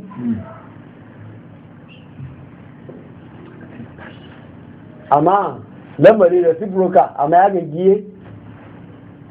amma lamari da sibroka amma ya ga giye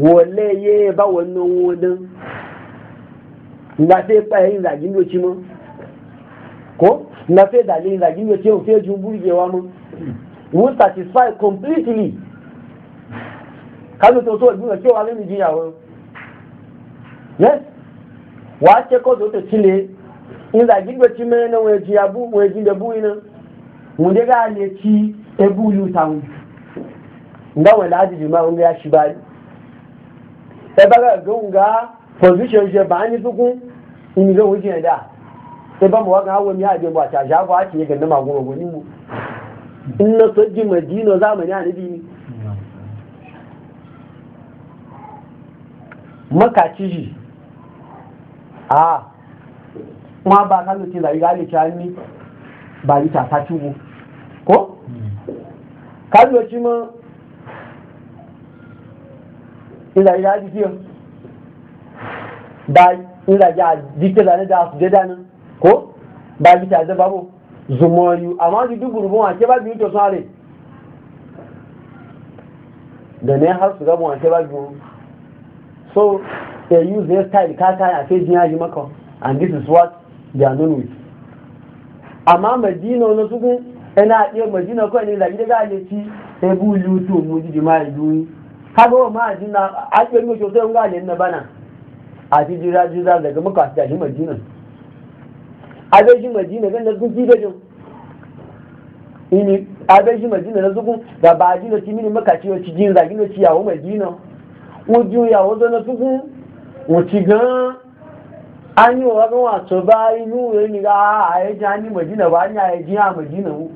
wọlé yé bá wọn ní owó dán nga fẹ́ pa ẹ̀yìn ìdàgí ní oṣù mọ́ kó nga ìdàgí ní ìdàgí ní oṣù mọ́ fẹ́ ju búrú yẹ wa mọ́ wọ́n satisfy completely kánú tó tó ìgbìmọ̀ tí ó wà lẹ́nu ìjìyàwó yes wàá ṣe tó tó sílé ìdàgí ní oṣù mẹ́rin náà wọ́n èjì abú wọ́n èjì ìdẹ̀bú iná wọ́n dé gáà lè ti ebú yìí táwọn nga wọ́n ẹbára gbóǹgá position ṣe bá a, fúnkún ìnìyàn òun jẹ́ ẹ̀dá ẹbá mọ̀ wá kan áwọn ní àjẹmọ̀ àṣàṣà àbọ̀ àti ẹgbẹ̀ náà máa gbọ́nà ni mu iná tó jí mọ̀ dí iná sáàmù ní Maka ni mọ́kà tíyì à wọ́n bá kálù ti làyí rálẹ̀ kí a ní bàrí tàtàtúwò kó hmm. kálù ọtí mọ́ ina ya jikiya ba ina ya jikiya zane da su dada nan ko ba gita zai babu zumori amma su duk gurbin wake ba biyu to sare da ne har su gaba wake ba biyu so they use their style kaka a sai jin yaji maka and this is what they are known with amma madina wani su ina a madina kawai ne da ga ne ci yutu mu ji jima'i duniya kaga wa ma na a ɗin mu sosai ga ne na bana a ti jira jira daga muka ta shi madina a bai shi madina kan da sun ji da jin ini a bai shi madina na zukun da ba ajina ti mini muka ci wacce jin zagi na ci yawo madina uju yawo zo na zukun wacce gan an yi wa gan wato ba inu ya ni ga a ya ji an yi madina ba an yi a ya ji a madina hmm. mu.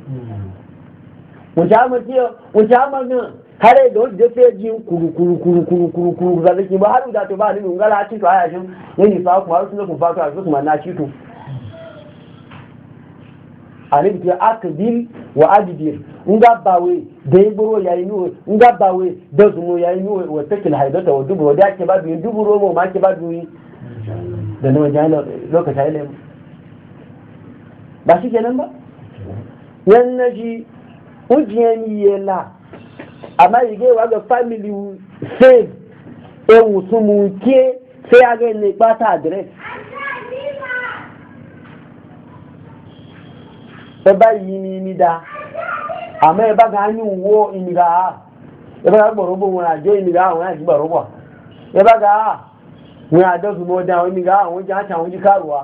Wuce a madina, wuce a madina, har da wani da sai ji kuru kuru kuru kuru kuru kuru da ba da to ba ni mun ci to aya shin yayi fa ku sun ku fa su ma na ci to alif ta akdil wa adbir nga bawe da ibro yayi nu nga bawe da zumu yayi nu wa takil haidata wa dubu da ke ba bi dubu romo ma ke ba da ba ba yan naji ujiyani yela amma yige wa ga family save ewu sun mu ke sai ya ga ne bata address ẹ e ba yi ni ni da àmọ́ ẹ e bá gan yín wo ìnira á ẹ bá gan e gbọ̀rọ̀ bò wọn àjọ ìnira àwọn àti gbọ̀rọ̀ bọ̀ ẹ bá gan á wọn àjọ fìmọ̀ dá àwọn ìnira àwọn jẹ́ àti àwọn jíkàrò wa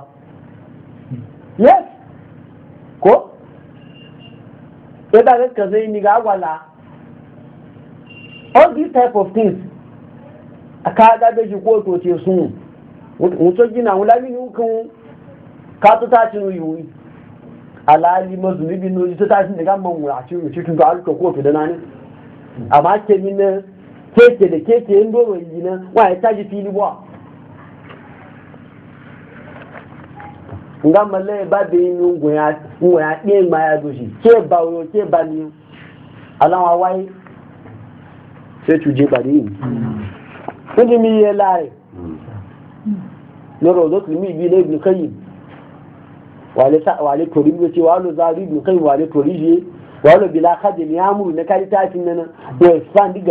yes ko ẹ bá gan kàn sí ìnira wà láà. all these type of things akaga beji ko to ce sun mutu gina wula mi hukun ka to ta cin yuyi alali mazunubi no ji ta cin daga man wura cin mutu tun da alka ko to da nani amma ke min na keke da keke yin doro yi na wa ya taji fili ba nga mala ba yi inu ngwa ya ngwa ya ke ba o ke ba ni alawa wai sai cuje bari yi kudi mi na rozot limi bi na ibn kayyim wale tori ce wale zari ibn wale tori je wale bila na diga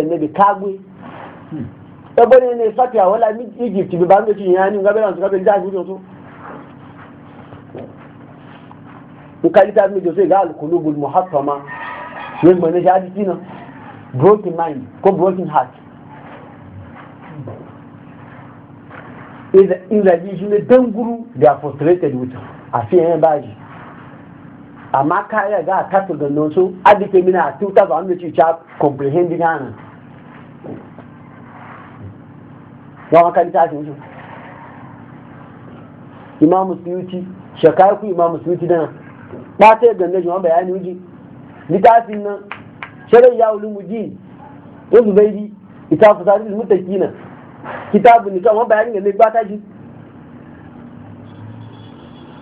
e ne bi kagwe ne wala egypt bi ga broken mind ko broken heart in zagi shi ne don guru they are frustrated with a fi yan baji amma kariya ga a tattun da nonso adike mina a 2000 ci cha comprehending hana ya makarita shi Imam imamu suyuti shakaku imamu suyuti dana ba ta yadda ne jima bayani wuji littafin nan sharai ya wuli muji ya zubairi ita ku sari da mutaki na kitabu ni kawai bayanin da ba ta ji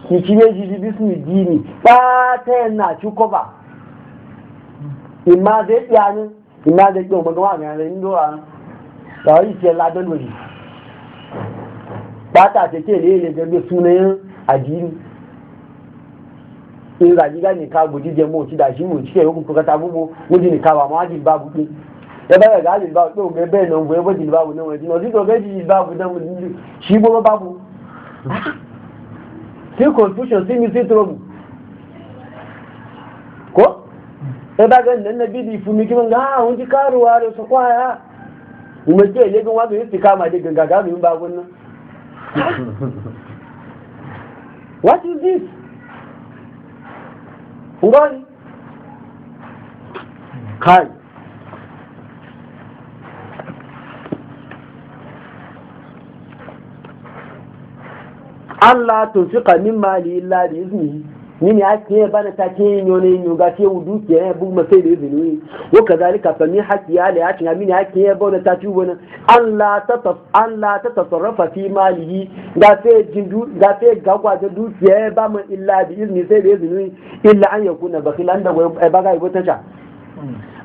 ki ci ne jiji bisu dini ba ta yana ci kofa imma zai tsiyani imma zai kyau magawa ga yanayin doa da wani ce ladan wuri ba ta ce ne ne gabe sunayen addini in zaji gani ka guji je mu ci da shi mu cike hukun kuka ta bubu guji ni ka ba ma jin babu ɗin ya e ba ga jin babu ɗin ga bai nan goye ba babu nan wani wani to ga jin babu nan shi bo babu sai confusion sai mi sai trouble ko ya e ba ga nan na bidi fumi kiman ga ha wani karuwa da su kwaya kuma ke ne gan wazo yi kama da ganga ga mu babu nan what is this ngani kai Allah to fika min mali illa bi iznihi mini haƙƙi ya bana ta ce yin yone yin yoga ce wudu ke ya bu masai da izini ne wa kazalika ka min haƙƙi ya la yatin mini haƙƙi ya bana ta ci wani an ta tas Allah ta tasarrafa fi malihi ga sai jindu ga sai gagwa da dukiya ya ba mu illa bi izini sai da izini illa an yakuna bakhilan da e ba ga ibo e tacha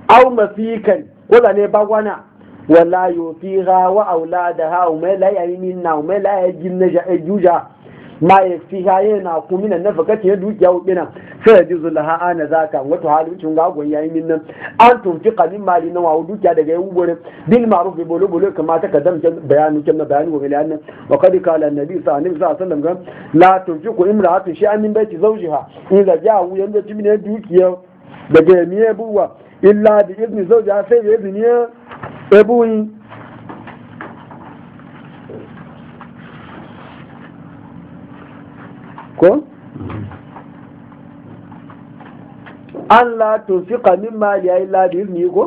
aw kai ko da ne bagwana wala da ha auladaha umma la yaminna umma la yajinna juja e ma ya fi shaye na kumina na fakati ya dukiya hukina sai ya ji zulaha ana ka. wato halin cin gagon yayi min nan an tunfi kalin mali na wawo dukiya daga yan gurin bil ma'ruf bi bolo bolo kamar ta kadam kin bayanu kin na bayanu gobe nan wa kad kala annabi sallallahu alaihi wasallam ga la tunfiqu imra'atu shay'an min baiti zawjiha in da ja wu yanda cimin ya dukiya daga miye buwa illa bi izni zawjiha sai bi izni ya ebuyi ko Allah to fi kamin mali ya yi labir ne ko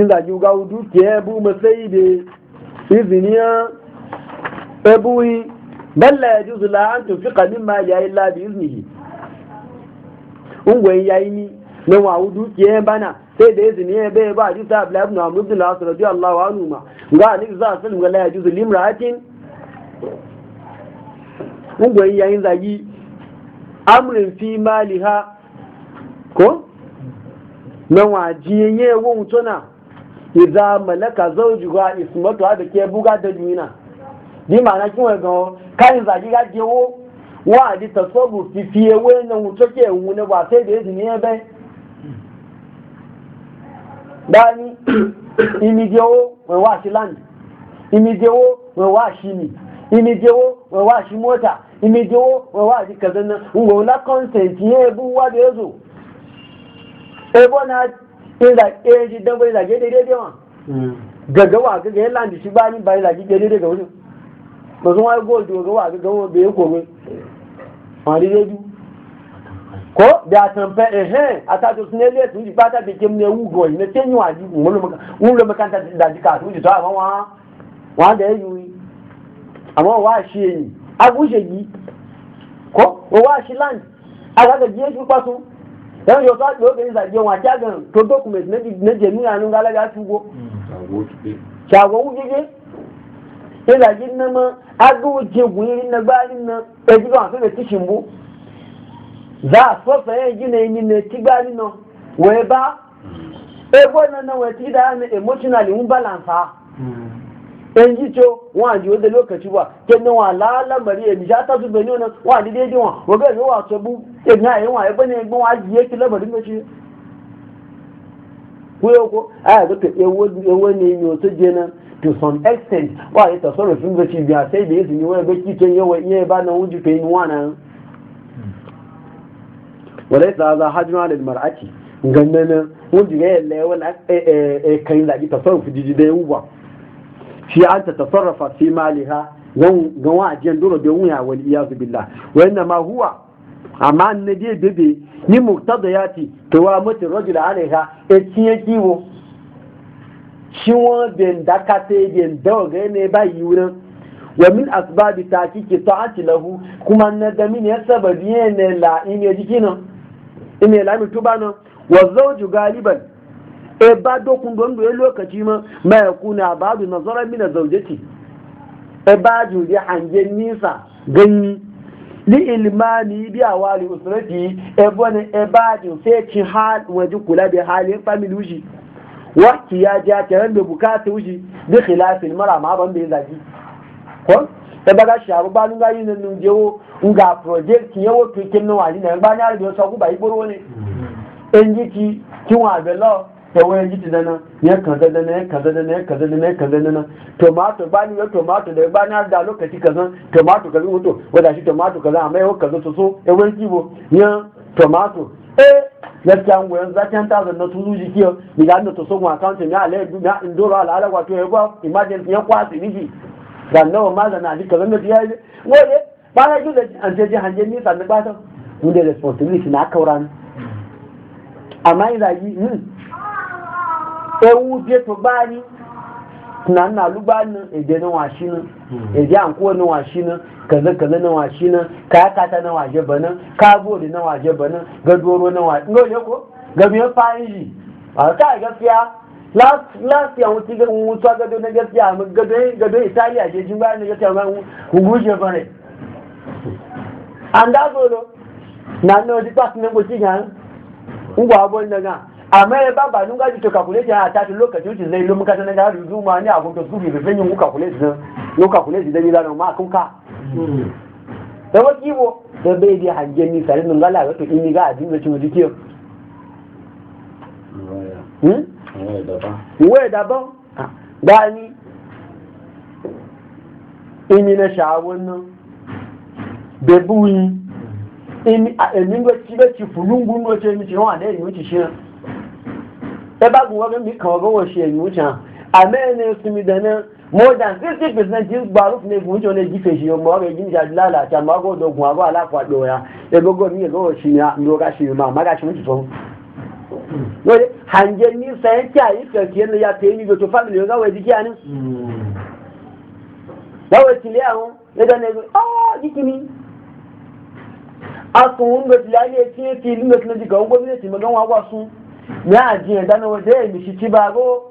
in da ji ga hudu ke ebu masai da iziniya ebu yi balla ya ji zula an to fi kamin mali ya yi labir ni? ungwai ya yi ni na wa hudu ke bana sai da izini ya bai ba ji sa abu labir na amurdu na asu radiyallahu anu ma ga ni za a salim ga la ya ji zulimratin ungwayi yayin zagi amrin fi ha ko na wajiye ne wa mutuna idza malaka zawjuha ismatu hada ke buga da duniya bi ma'ana kin wa ga kan zagi ga jewo wa di tasabu fi fi ewe na mutu ke wu ne ba sai da izini ne bai dani imi jewo wa shi land imi jewo wa shi ni imi jewo shi mota imi jewo shi kazan nan wa wala consent ye ebu wa da yazo ebo na ila e eji dan bai da e gede dede wa hmm. gaga wa gaga yalla ndi shi bani bai e da gede dede ga wuri ba zo wa gold gaga wa gaga wa be ko we ma dede du ko da tampe ehe ata to snele tu di pata be kemne wu go ne tenyu aji ngolo maka ngolo maka ta da dika tu di ta wa wa da yi amma wa shi yi a gushe yi ko wa shi land a ga gajiye shi kwasu yau sa yau gani wa gan to document na jami'a nun shago ke na ma a na na bu za a so yi ne ti ba na na ti da ha hmm. ɗan jicho wa ji wanda lokaci ba nan wa lala mariya mi ta su bani wannan wa di dai wa wa ga wa to bu ina yin wa bane gbon wa ji yake lamarin gaci ko yo ko a ga to e wo e wo ne yo na to some extent wa ya ta solo fun gaci biya sai da yake ni wani ga ki ten yawa iya ba na wuji ka ni wa na walaysa za hajma na wuji ga eh, eh, eh, jiji da shi an ta tasarrafa fi maliha ga wa ajiyan dole bai wuya wal iya billah wa inna ma huwa amma annabi bebe ni muqtadayati da rajul alaiha e tiye kiwo shi won ben dakate ben doga ne ba yuran wa min asbabi takiki ta'ati lahu kuma na da min ya sababi ne la in ya jikina in ya lami tubana wa galiban e ba dokun don da e lokaci ma mai kuna babu nazarar mina zaujati e ba juri hangen nisa gani li ilmani bi awali usrati e bone e ba jin hal waje kula da halin family uji waki ya ja ta da bukata uji bi khilafin mara ma ban da zaki ko e baga shi abu ba lunga yin nun jewo nga project yawo to kin wani na ba na da so ku ba iboro ne mm. enji ki ki wa be lo yawon yi dana ya kaza da na ya kaza da na ya kaza da na ya kaza da na tomato ba ni ya tomato da ba ni har da lokaci kaza tomato kaza mutu wanda shi tomato kaza amma yau kaza to so yawon kibo ya tomato eh gaskiya an goyon zaken zan na tuzu jiki ni ga da to so mu account ya ala ya indoro ala ala wato ya kwa imajin ya kwasi niki ga nawa ma da na dika zanga tiya yi wai ba na yi da an je hanje nisa da ba ta mu responsibility na kauran amma yi zagi ewu bie to gbani na na luba nan ede na shi nan ede anko na washi nan kaza kaza na washi nan kaya kata na waje bana ka bori na waje bana gadoro na waje ngo ne ko gabiyan fa'iji a ka gaskiya last year wuti ga wutu gado na gaskiya mu gado gado Italia je jin bayan gaskiya ma ku guje bare an da zo na no di pass ne ko ci ga ngwa ne daga amma ya ba ba nunga jito calculation a tashi lokaci wuce zai lumu kasa na jihar yuzu ma ni a gunta su bibi fanyin ku calculation yau calculation dan yilanin ma kun ka da wasu ibo da bai da hangen ni sare ga to in ni ga da cin jikiyo hmm? wai daban da ni in ni na sha'awun nan da buyi in a emin eh, ga ci ga ci fulungun ga ce mi ce wa da yi wuce shi ẹbá gùn wọ́n mi kàn ọgọ́wọ̀ ṣe èyí wúcha àmẹ́rin ẹ̀sùnmi dáná more than percent ti gba arúfin ní egun wúcha ní èjì fèsì ọmọ ọ̀rọ̀ èjì níjà lálà àti àmọ́ ọgọ́ ọdọ̀gùn àgọ́ aláfàgbọ̀ ya ẹgbẹ́gbọ́ mi ẹgbẹ́wọ̀ ṣì ní àmìlọ́gà ṣì ní màmá gà ṣì ń tutù. lórí ya ní sẹ́ńtì àyíkẹ́ kí ẹni ya tẹ́yìn gbèsò fámìlì ọgá wẹ̀ di kíá ni. wọ́n wẹ̀ tìlẹ̀ àwọn ẹgbẹ́ ní ẹgbẹ́ ọ́ díkìní akùnrin gbèsè láyé tí ń fi ìlú gbèsè lójì ya ajiye dana waje ya mishi ci ba go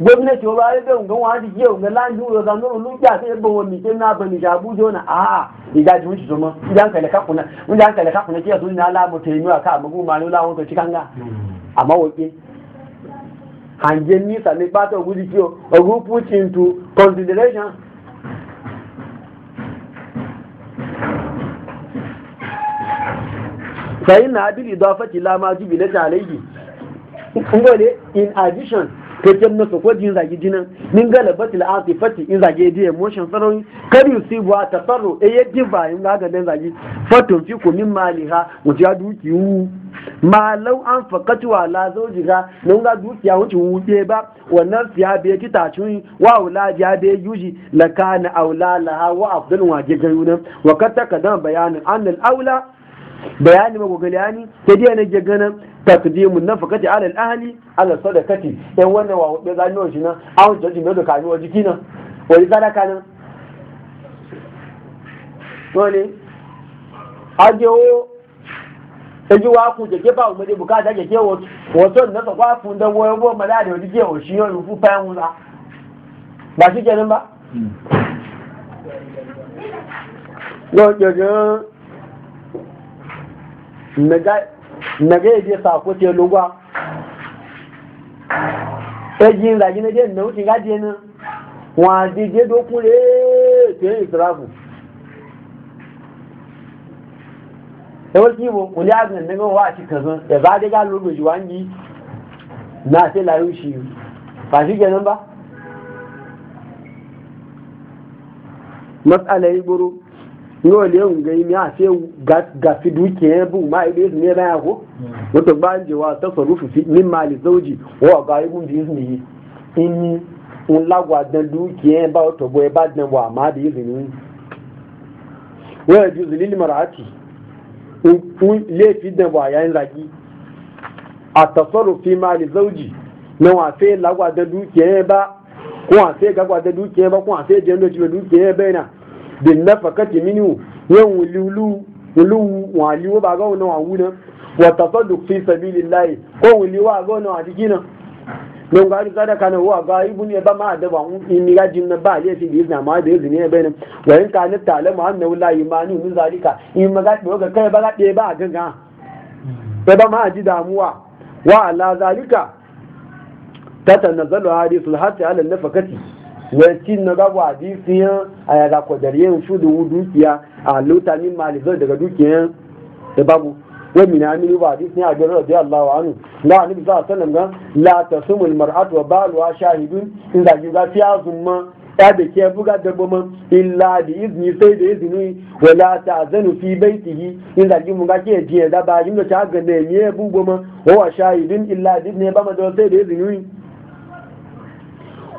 gwamnati ba ya zai gan wani yau ga lanji wuri ga nuru lukya sai na ba ni jabu jona a a ida ji wuce zuma idan kale ka kuna idan kale ka kuna kiyasu na la mu tayi ka amagu ma ni lawon to cikan ga hmm. amma woke hanje ni sa ni pata ogudi ki o ogu put into consideration sai na bil ngole in addition to na so jin zagi jinan min galabatil atifati in zagi di emotion sarau kar yusibu tafarru e yadi ba in ga dan zagi fatun fi ku min maliha wuce ya duki wu malau an fakatu ala zawjiha nan ga dukiya wuce wuce ba wannan siya be kita cun wa auladi ya be yuji lakana aula wa afdal wa gayuna wa kad takadan bayanin Annal, aula bayani ma gogali yani ta dai na ke ganin takdimun nafakati ala al-ahli ala sadaqati dan wannan wa da zanyo shi na awon jaji me da kani wa jiki na wa yi sadaka nan dole ajewo eji wa ku je ke ba mu de bukata je ke wo to na so kwa fun da wo wo mala de odi je o shi yo fu pa mu la ba shi je nan ba hmm. yo yo yo naga yaje sako ce lugwa yin nzaji na je na wuce gaje na wa dije dokun re te israfu kibo wani azin na gawa a cikin zan da za ga lugwa ji wani na sai layu shi ba shi ba matsalai buru yóò lé òun gẹ̀yìn ní àṣẹ gàfidù kìí bù má ilé ìsìn ní ẹ̀rọ ẹ̀kọ́ wọ́n tó bá ń wa tọ́sọ̀ rúfin sí ní máa lè sọ́ọ́jì wọ́n ọ̀gá ibùn bí ìsìn yìí ìní ń lágbà dandu kìí ẹ̀ bá ọ̀tọ̀ bọ́ ẹ bá dẹ̀ wà má dé ìsìn nínú. wọ́n yẹ ju zìlílì mọ̀rọ̀ a ń lé fi dẹ̀ wà yá ń ràkí àtọ̀sọ̀rọ̀ fi máa lè sọ́ọ́jì ní wọ́n àfẹ́ lágbà dandu kìí ẹ̀ bá kó a gàgbà dandu kìí ẹ̀ bin nafakati minhu yan wululu wulu wali wa ba wannan wa wuna wa tasadduq fi sabilillah ko wuli wa ga wannan adikina don ga kada kana wa ga ibn ya ba ma da ba in ga jin na ba le shi bizna ma da izini ne bayan wa in ka ni talama annahu la yumanu min zalika in ma ga ga kai ba ga ba ganga ba ma ji damuwa wa ala zalika tatanazzalu hadithul hatti ala nafakati wacin na gabu a disiyan a yaga kwadariyar shudu dukiya a lota min malizar daga dukiyan da babu wani na minu ba hadisi ne a gari rabbi Allah wa anu la anabi za a sanar ga la tasumul mar'atu wa baluwa shahidun in da ji zafi azumma ta da ke buga da goma illa bi izini sai da izini wa la ta'zanu fi baitihi in da ji mun ga ke jiya da ba yin da ta ga ne ne bu goma wa shahidun illa bi ne ba ma da sai da izini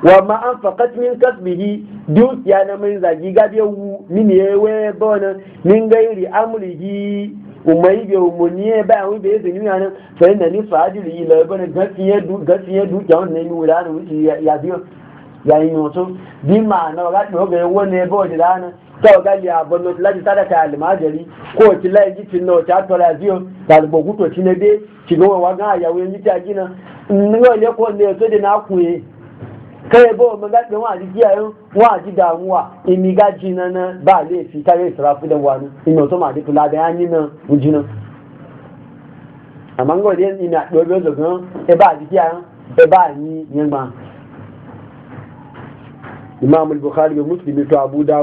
wa ma an fakat min kasbihi ya na mai zagi gabe wu min yewe bona min gairi amrihi umai be umuniye ba an be zini nan na ni fadili ila bona gafiye du gafiye du jawon ne mi wura ya biyo ya yi noto bi ma na ga ga yewo ne bo da ga li abono laji tada ta ko ti laji no ta to la ta bo guto ti ne be ti go wa ga ya we ni ta gina ko ne na kai bo mun ga dan waji kiyaye waji damuwa imi ga jina na ba le fi kare da wani imi to ma di kula da yanni na mujina amma ngo den ina do be zo gan e ba di kiyaye e ba ni nyamba imam al da muslim to abu ga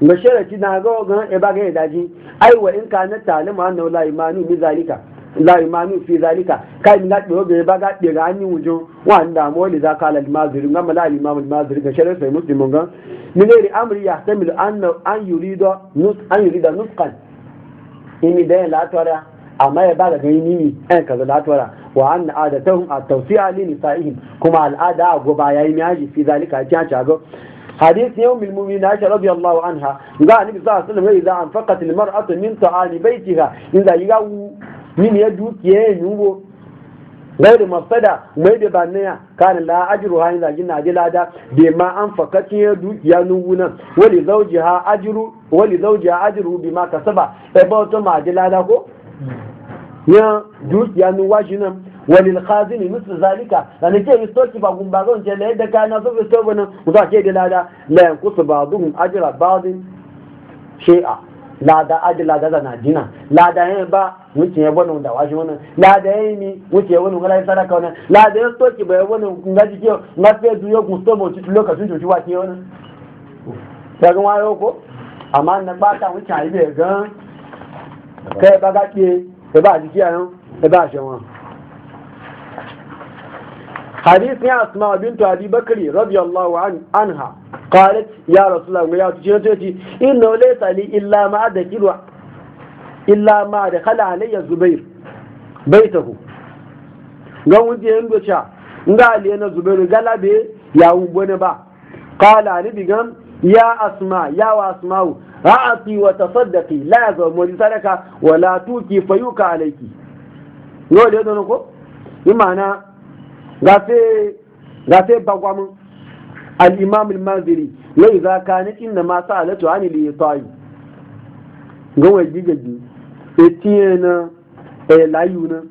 masharati na ga ga e ba ga e daji ai wa in kana talima annahu la imanu bi zalika la imanu fi zalika kai min da ga ba ga de ga ni wujo wa da mo li za kala al maziri ngam la al imam al maziri ga sharif sai muslimun ga min ri amri ya anna an yurida nus an yurida nusqan imi da la tara amma ya ba ga gani ni an kaza la tara wa anna adatahum at-tawsi'a li nisa'ihim kuma al'ada go ba yayi miyaji fi zalika ta ta ga حديث يوم المؤمنين عائشة رضي الله عنها قال النبي صلى الله عليه وسلم إذا أنفقت المرأة من طعام بيتها إذا يقو من يدوك ينوب غير مصدى وميد بانيا كان لا أجرها إذا جنا جلادا بما أنفقت يدوك ينوبنا ولزوجها أجر ولزوجها أجر بما كسبه إبوتما جلادا هو يا دوك ينوبونا walil khazini mislu zalika dan ke istoki ba gun ba zan ce la yadda kana so isto bana za ke da lada la yankusu ba'dhum ajra ba'dhin shay'a lada ajra lada na dina lada yin ba wuce ya bana da washi wannan lada yin mi wuce wani wala sadaka wannan lada yin stoki ba wani ngaji ke na fe duyo gun so mo ci lokacin juju wa ke wannan gan wayo ko amma na bata wuce ayi be gan kai ba gaɗe ba a jiki a nan ba a shan wani hadisi ni asma wa Binta Wadibakari Rabyallahu Anha, kawai da yaran sun zama yana cewa, inda wani laifani illa ma adakin wa illa ma da kalalai da Zubairu bai sahu, gan wancan irin bishiya, gan na Zubairu gala bai yi ya wuƙa ba, kawai da al'adun ya asma yawa asma o, ra'asi wa tashar da ka laya ka wala tuki fahimtar ka halayyaki, nawa dai zan yi mana gafe bagwamin al'imam al-maziri ya yi zaka na inna sa alatu hannu da ya tayi ga wajen gaji ya tiye na ya layu na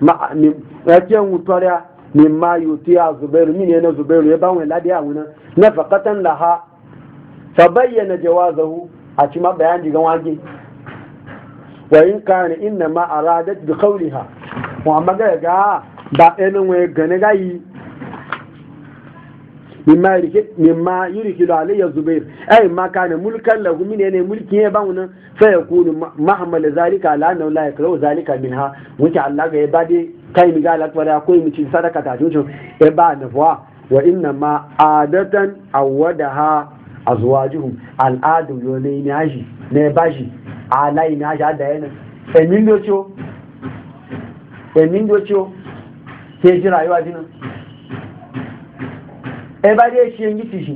ma'akin wutoriya ne ma yi tiya zubairu min yana zubairu ya bawon ladiya wuna na fakatan laha ta bayyana jawazahu a cima bayan jigan wage wayin kana inna ma a aradat bi qawliha wa magana ga ba ɗanin wani gane gayi mimma zubair ay ma kana mulkan lahu min ne mulki ya bawuna fa yakunu mahmal zalika la la zalika minha wuce Allah ga ya bade kai mi ga alakwara akwai mutum sadaka ta tuncin ya e ba nafwa wa inna ma adatan ke ji rayuwa jinan e ba dai shi yanki ti shi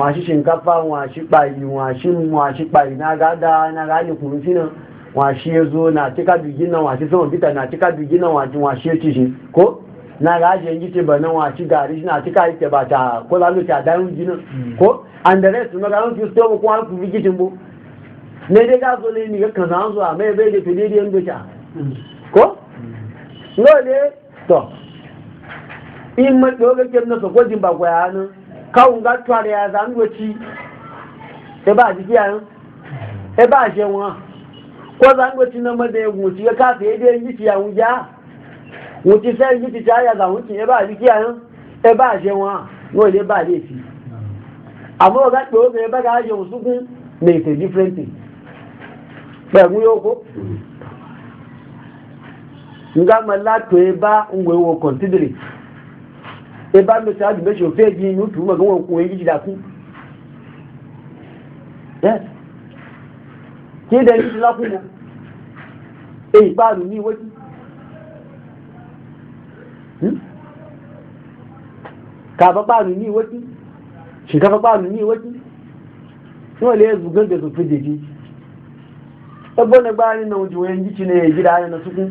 wa shi shinkafa wa shi bayi wa shi wa shi bayi na ga da na ga ni kunu wa zo na cika bigi nan wa shi sama bita na cika bigi na ga shi yanki ti banan wa shi gari shi na cika ba ta ko la ta jinan ko a lole to in ma yoga kem na so gwajin ba gwaya nan kawun ga tware ya zan goci e ba a yan e ba je won ko zan goci na ma da ya guci ya kafa ya da yi ya wuja wuci sai yi ti ya zan wuci e ba jiki yan e ba je won lole ba le fi amma ga to ga ba ga je wusukun ne te different thing ba mu ko. nga mala to e ba ngwe wo considering e me sa be jo fe ji nu tu ma go ko e ji da ku yes eh? ki la ku mo e ba ru ni wo ti hmm? ka ba ba ru ni wo ti shi ka ba ba ru ni wo ti so le zu gan da su ji e bo na gba ni na ju e ne e na su ku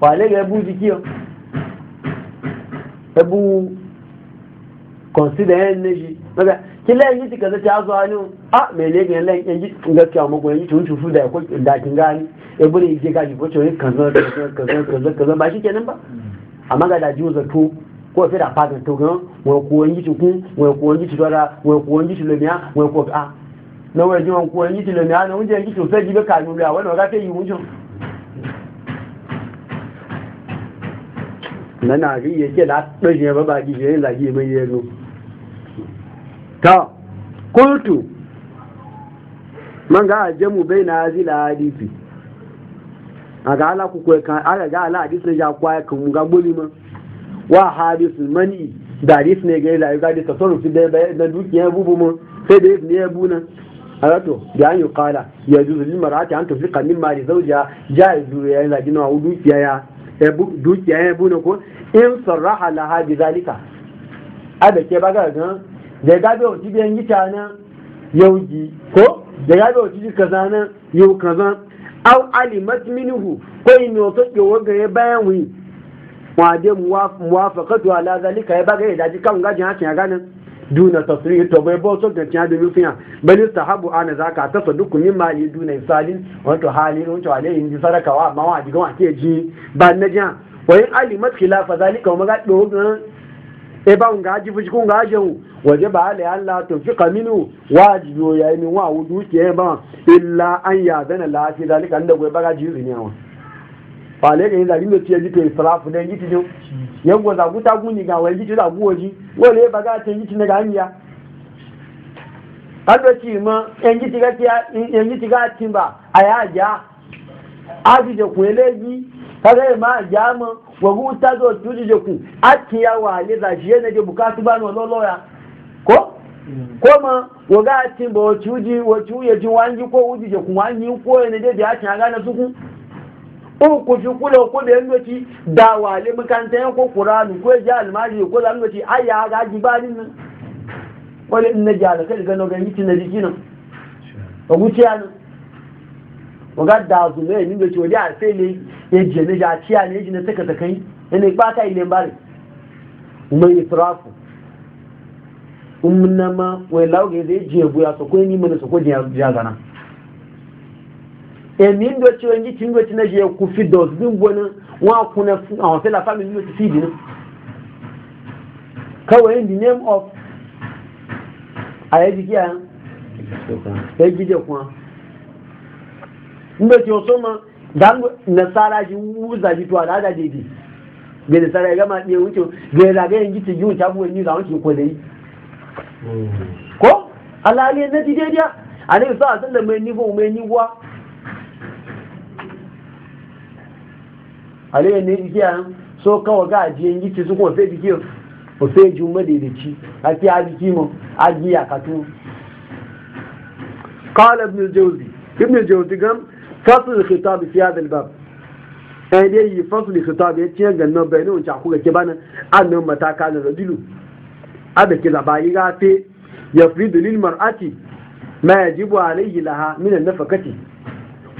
wàlẹ́ yẹ bú jikí ọ ẹ bú kọ̀nsídà ẹ̀ nẹ́jì lọ́gbà kí lẹ́yìn yìí ti kẹsẹ̀ a zọ àánú a mẹ́lẹ́ gẹ̀ lẹ́yìn ẹ̀yìn nga kí ọmọ kò ẹ̀yìn tó ń tu fúdà ẹ̀kọ́ ìdájí nga ni ẹgbẹ́ ní ìjẹ́ káàdì bó tẹ̀wé kànzán kànzán kànzán kànzán kànzán bá ṣíkẹ́ nípa àmọ́ gàdá jí wọ́n tó kó o fẹ́ dà gan wọ́n kó ẹ̀yìn tó kún wọ́n kó ẹ̀yìn tó dọ́ra wọ́n kó ẹ̀yìn tó lẹ́mìá wọ́n kó a náwó ẹ̀jẹ̀ wọn kó ẹ̀yìn tó lẹ́mìá náà oúnjẹ ẹ̀yìn tó fẹ́ nana rí iye jẹ́ látọ́jú ẹ bábá gíṣẹ́ ìlàjí ìmọ̀ iye ẹnu tán kóòtù man ga bẹ́ẹ̀ náà sí láàdìsì àgá alákòókò ẹ̀kan àgàgá aláàdìsì ya kó ẹ̀kan mú gagbóni mọ́ wà á àdìsì mọ́nì dàdìsì ní ẹgẹ́ ìlàjí ká dìsọ̀ sọ́run sí ga bẹ́ẹ̀ ga dúkìá ẹbú bú da ya zuzu limar ati an tafi kamin ma da ya zuru ya ya dukiya ya buna ko in sarraha laha haji zalika ada ke baga gan da gabe o ti biyan nan yau yauji ko da gabe o ti kaza na yau kaza au alimat minihu ko in mai wasu ke waga ya bayan wuyi wa de muwafaqatu ala zalika ya baga ya daji kan gajin hakin ya ganin duna tasiri to bai bo so da tiya da rufiya bal habu ana zaka tasadduku min mali duna isalin wato halin wato alai in ji wa amma wa diga wa ke ji ba na jiya wa in alimat khilafa zalika wa maga dogon e ba nga ji fuji kun ga jewu waje ba ala Allah to fi kaminu wajibi yayin wa wudu ke ba illa an ya dana lafi zalika inda gobe ba ga ji zuniya wa ba ne ga yin zagi mai fiye jito israfu da yanki cikin yagwa zagu ta guni ga wani jito zagu waji wale ba ga ta yanki na ga ma har da ci ma yanki ci ga cin ba a ya ja aji da kuwa legi ta ma ja ma wagu ta zo tuji da ku wa ne da shi yana ke bukatu ba na ko ko ma waga cin ba wa cuji wa wangi ko wuji ku wangi ko yana da ya cin a suku uku shi kula ko da yanzu ci da wale makanta yanko ko ji almaji ko da yanzu aya ga aji nan wala inna jala kai ga no ga yiti na jiki nan ba guci yana waga da su ne ni da wadi a sai ya je ne ja ciya ne ji na taka takai ne ba ta ile bare mai israfu umnama wai lauge zai je buya so ko ni mun so ko èmi ń dọ̀tí oyin tí ń dọ̀tí náà ṣe kò fi dọ̀tí bí ń ti fi ìdí Ka kawai in name of ayé jíjí àyà ẹ jíjẹ kun á ń dọ̀tí ọ̀sọ́ mọ́ dáńgọ́ nasara ṣe wúzà ṣe tó àdáda dèdè ga nasara ya gama ɗaya wuce ga zagayen gita yi wuce abubuwan yi zawon shi kwanayi ko alali na jijediya a ne sa a sallar mai nifo ni nifuwa alayyar ne jiki kiyaye so kawo ga ajiye yi ci suka wafe jiki wafe jun madaidaici a fi a jiki mu a ji a katu قال Ibn الجوزي ابن الجوزي قام فصل الخطاب في هذا الباب ɗaya dai yi fasu da fita ya ce ga nan wancan nan caku ga kibana an nan mataka na rajulu abe kila ba yi gafe ya fi dalil mar'ati ma ya jibu alayhi laha minan nafakati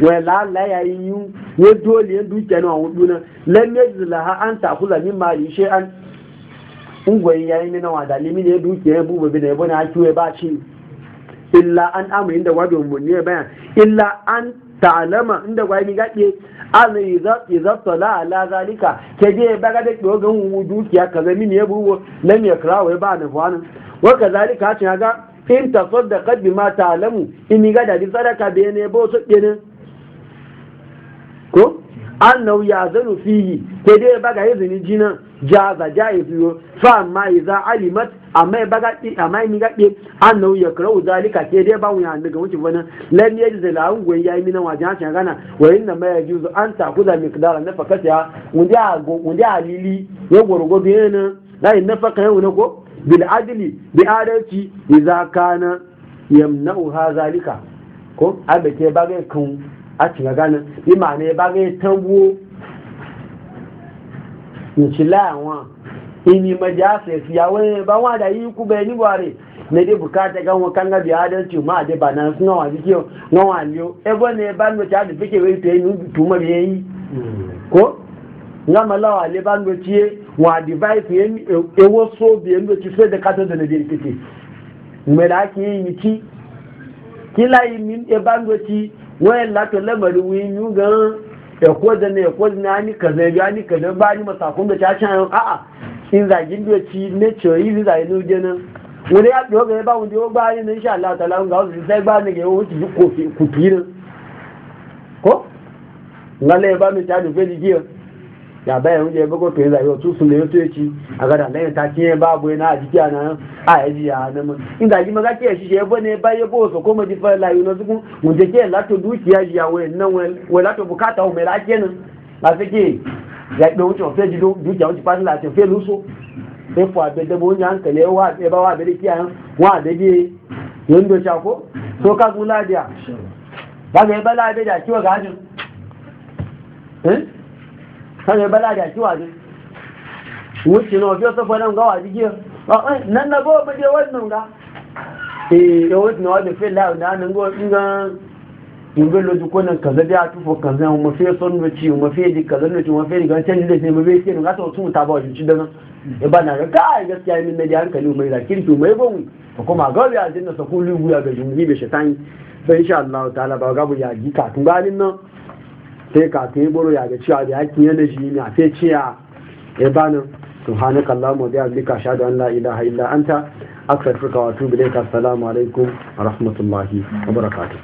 wa la la yayin ya dole yan dukiya ne na hudu nan lam yajid ha an ta'khudha min mali an ungwayin yayin ne na wada limi ne dukiya ya bubu bi ne bana akiwe ba ci illa an amrin da wado mun ne bayan illa an ta'alama inda gwai mi gade an idza tala ala zalika ke je ba baga ga dogon dukiya ka kaza min ya buwo bubu lam yakrawa ba na fanan wa kazalika ta ga in tasaddaqat bima ta'lamu in mi gada bi sadaka bi ne bo so kenan ko annahu yazanu fihi ke dai baga izini jinan jaza jaiz yo fa amma idza alimat amma baga amma mi gabe annahu yakrau zalika ke dai ba wuya daga wucin wannan lam yajza ya yi yayi minan wajen shan gana wa inna ma yajuzu an takuza miqdara nafakatiha wanda wanda alili ya gorgodo na yi nafaka yau ne ko bil adli bi adalci idza kana yamna'u ha zalika ko abe ke baga kan a cikin ganin bí màá ní bá gẹ́ bukata kan gabi adalci ma de ba na liyo e ne ba no ta fike tuma bi yi ko nga malawa le ba no wa device e, e wo so bi en fe de kato de ne fike me ki ki la yi min e ba no wayan latin lamarin wuyin gan ya kwaza ne ya kwaza ne ani kaza ya biya ni kaza ba ni masakun da ta can a'a in zagin da ci ne yi zai zai nu jana wani ya ɗoga ya ba wani yau ba ni nan sha Allah ta lamun ga wasu sai ba ni ga yau wuce duk kofi nan ko ngala ya ba mi ta nufe jigiyar ya bayan wuce bako to yanzu yau tusun da yato yaci a gada nan ta kiye babu yana a jiki a nan a yaji a nan mun in gaji maza ke shi shi yabo ne baye bo so ko maji fa la yuno zuku mun je ke lato dukiya ya we nan we lato bukata o me ba se ya do wuce fe ji dukiya wuce fa la fe luso fo abe de bo nyan kale wa ba wa be kiya wa de ge yendo ko so ka gula dia ba ga ba la be da kiwa gajin eh sanye da ki waje wuce na wajen sofa nan gawa jiki nan na gowa maje wannan ga eh, ya wuce na wajen fi layu na nan gowa inga inga lojin ko kaza biya tufo kaza yawon mafi son da mafi di kaza da mafi di canji da sai mafi ta ba wajen ci dana ya ga kai gaskiya min na da hankali mai da mai gonwi ko kuma ga ya jinna sa kullu ga jinni be shetani sai insha Allah ta'ala ba ya ji ganin nan sai kafin ya boro ya ga cewa da yakin yana shi ne a sai ciya ya bani subhanaka allahumma wa bihamdika ashhadu an la ilaha illa anta astaghfiruka wa atubu ilayka assalamu alaikum wa rahmatullahi wa barakatuh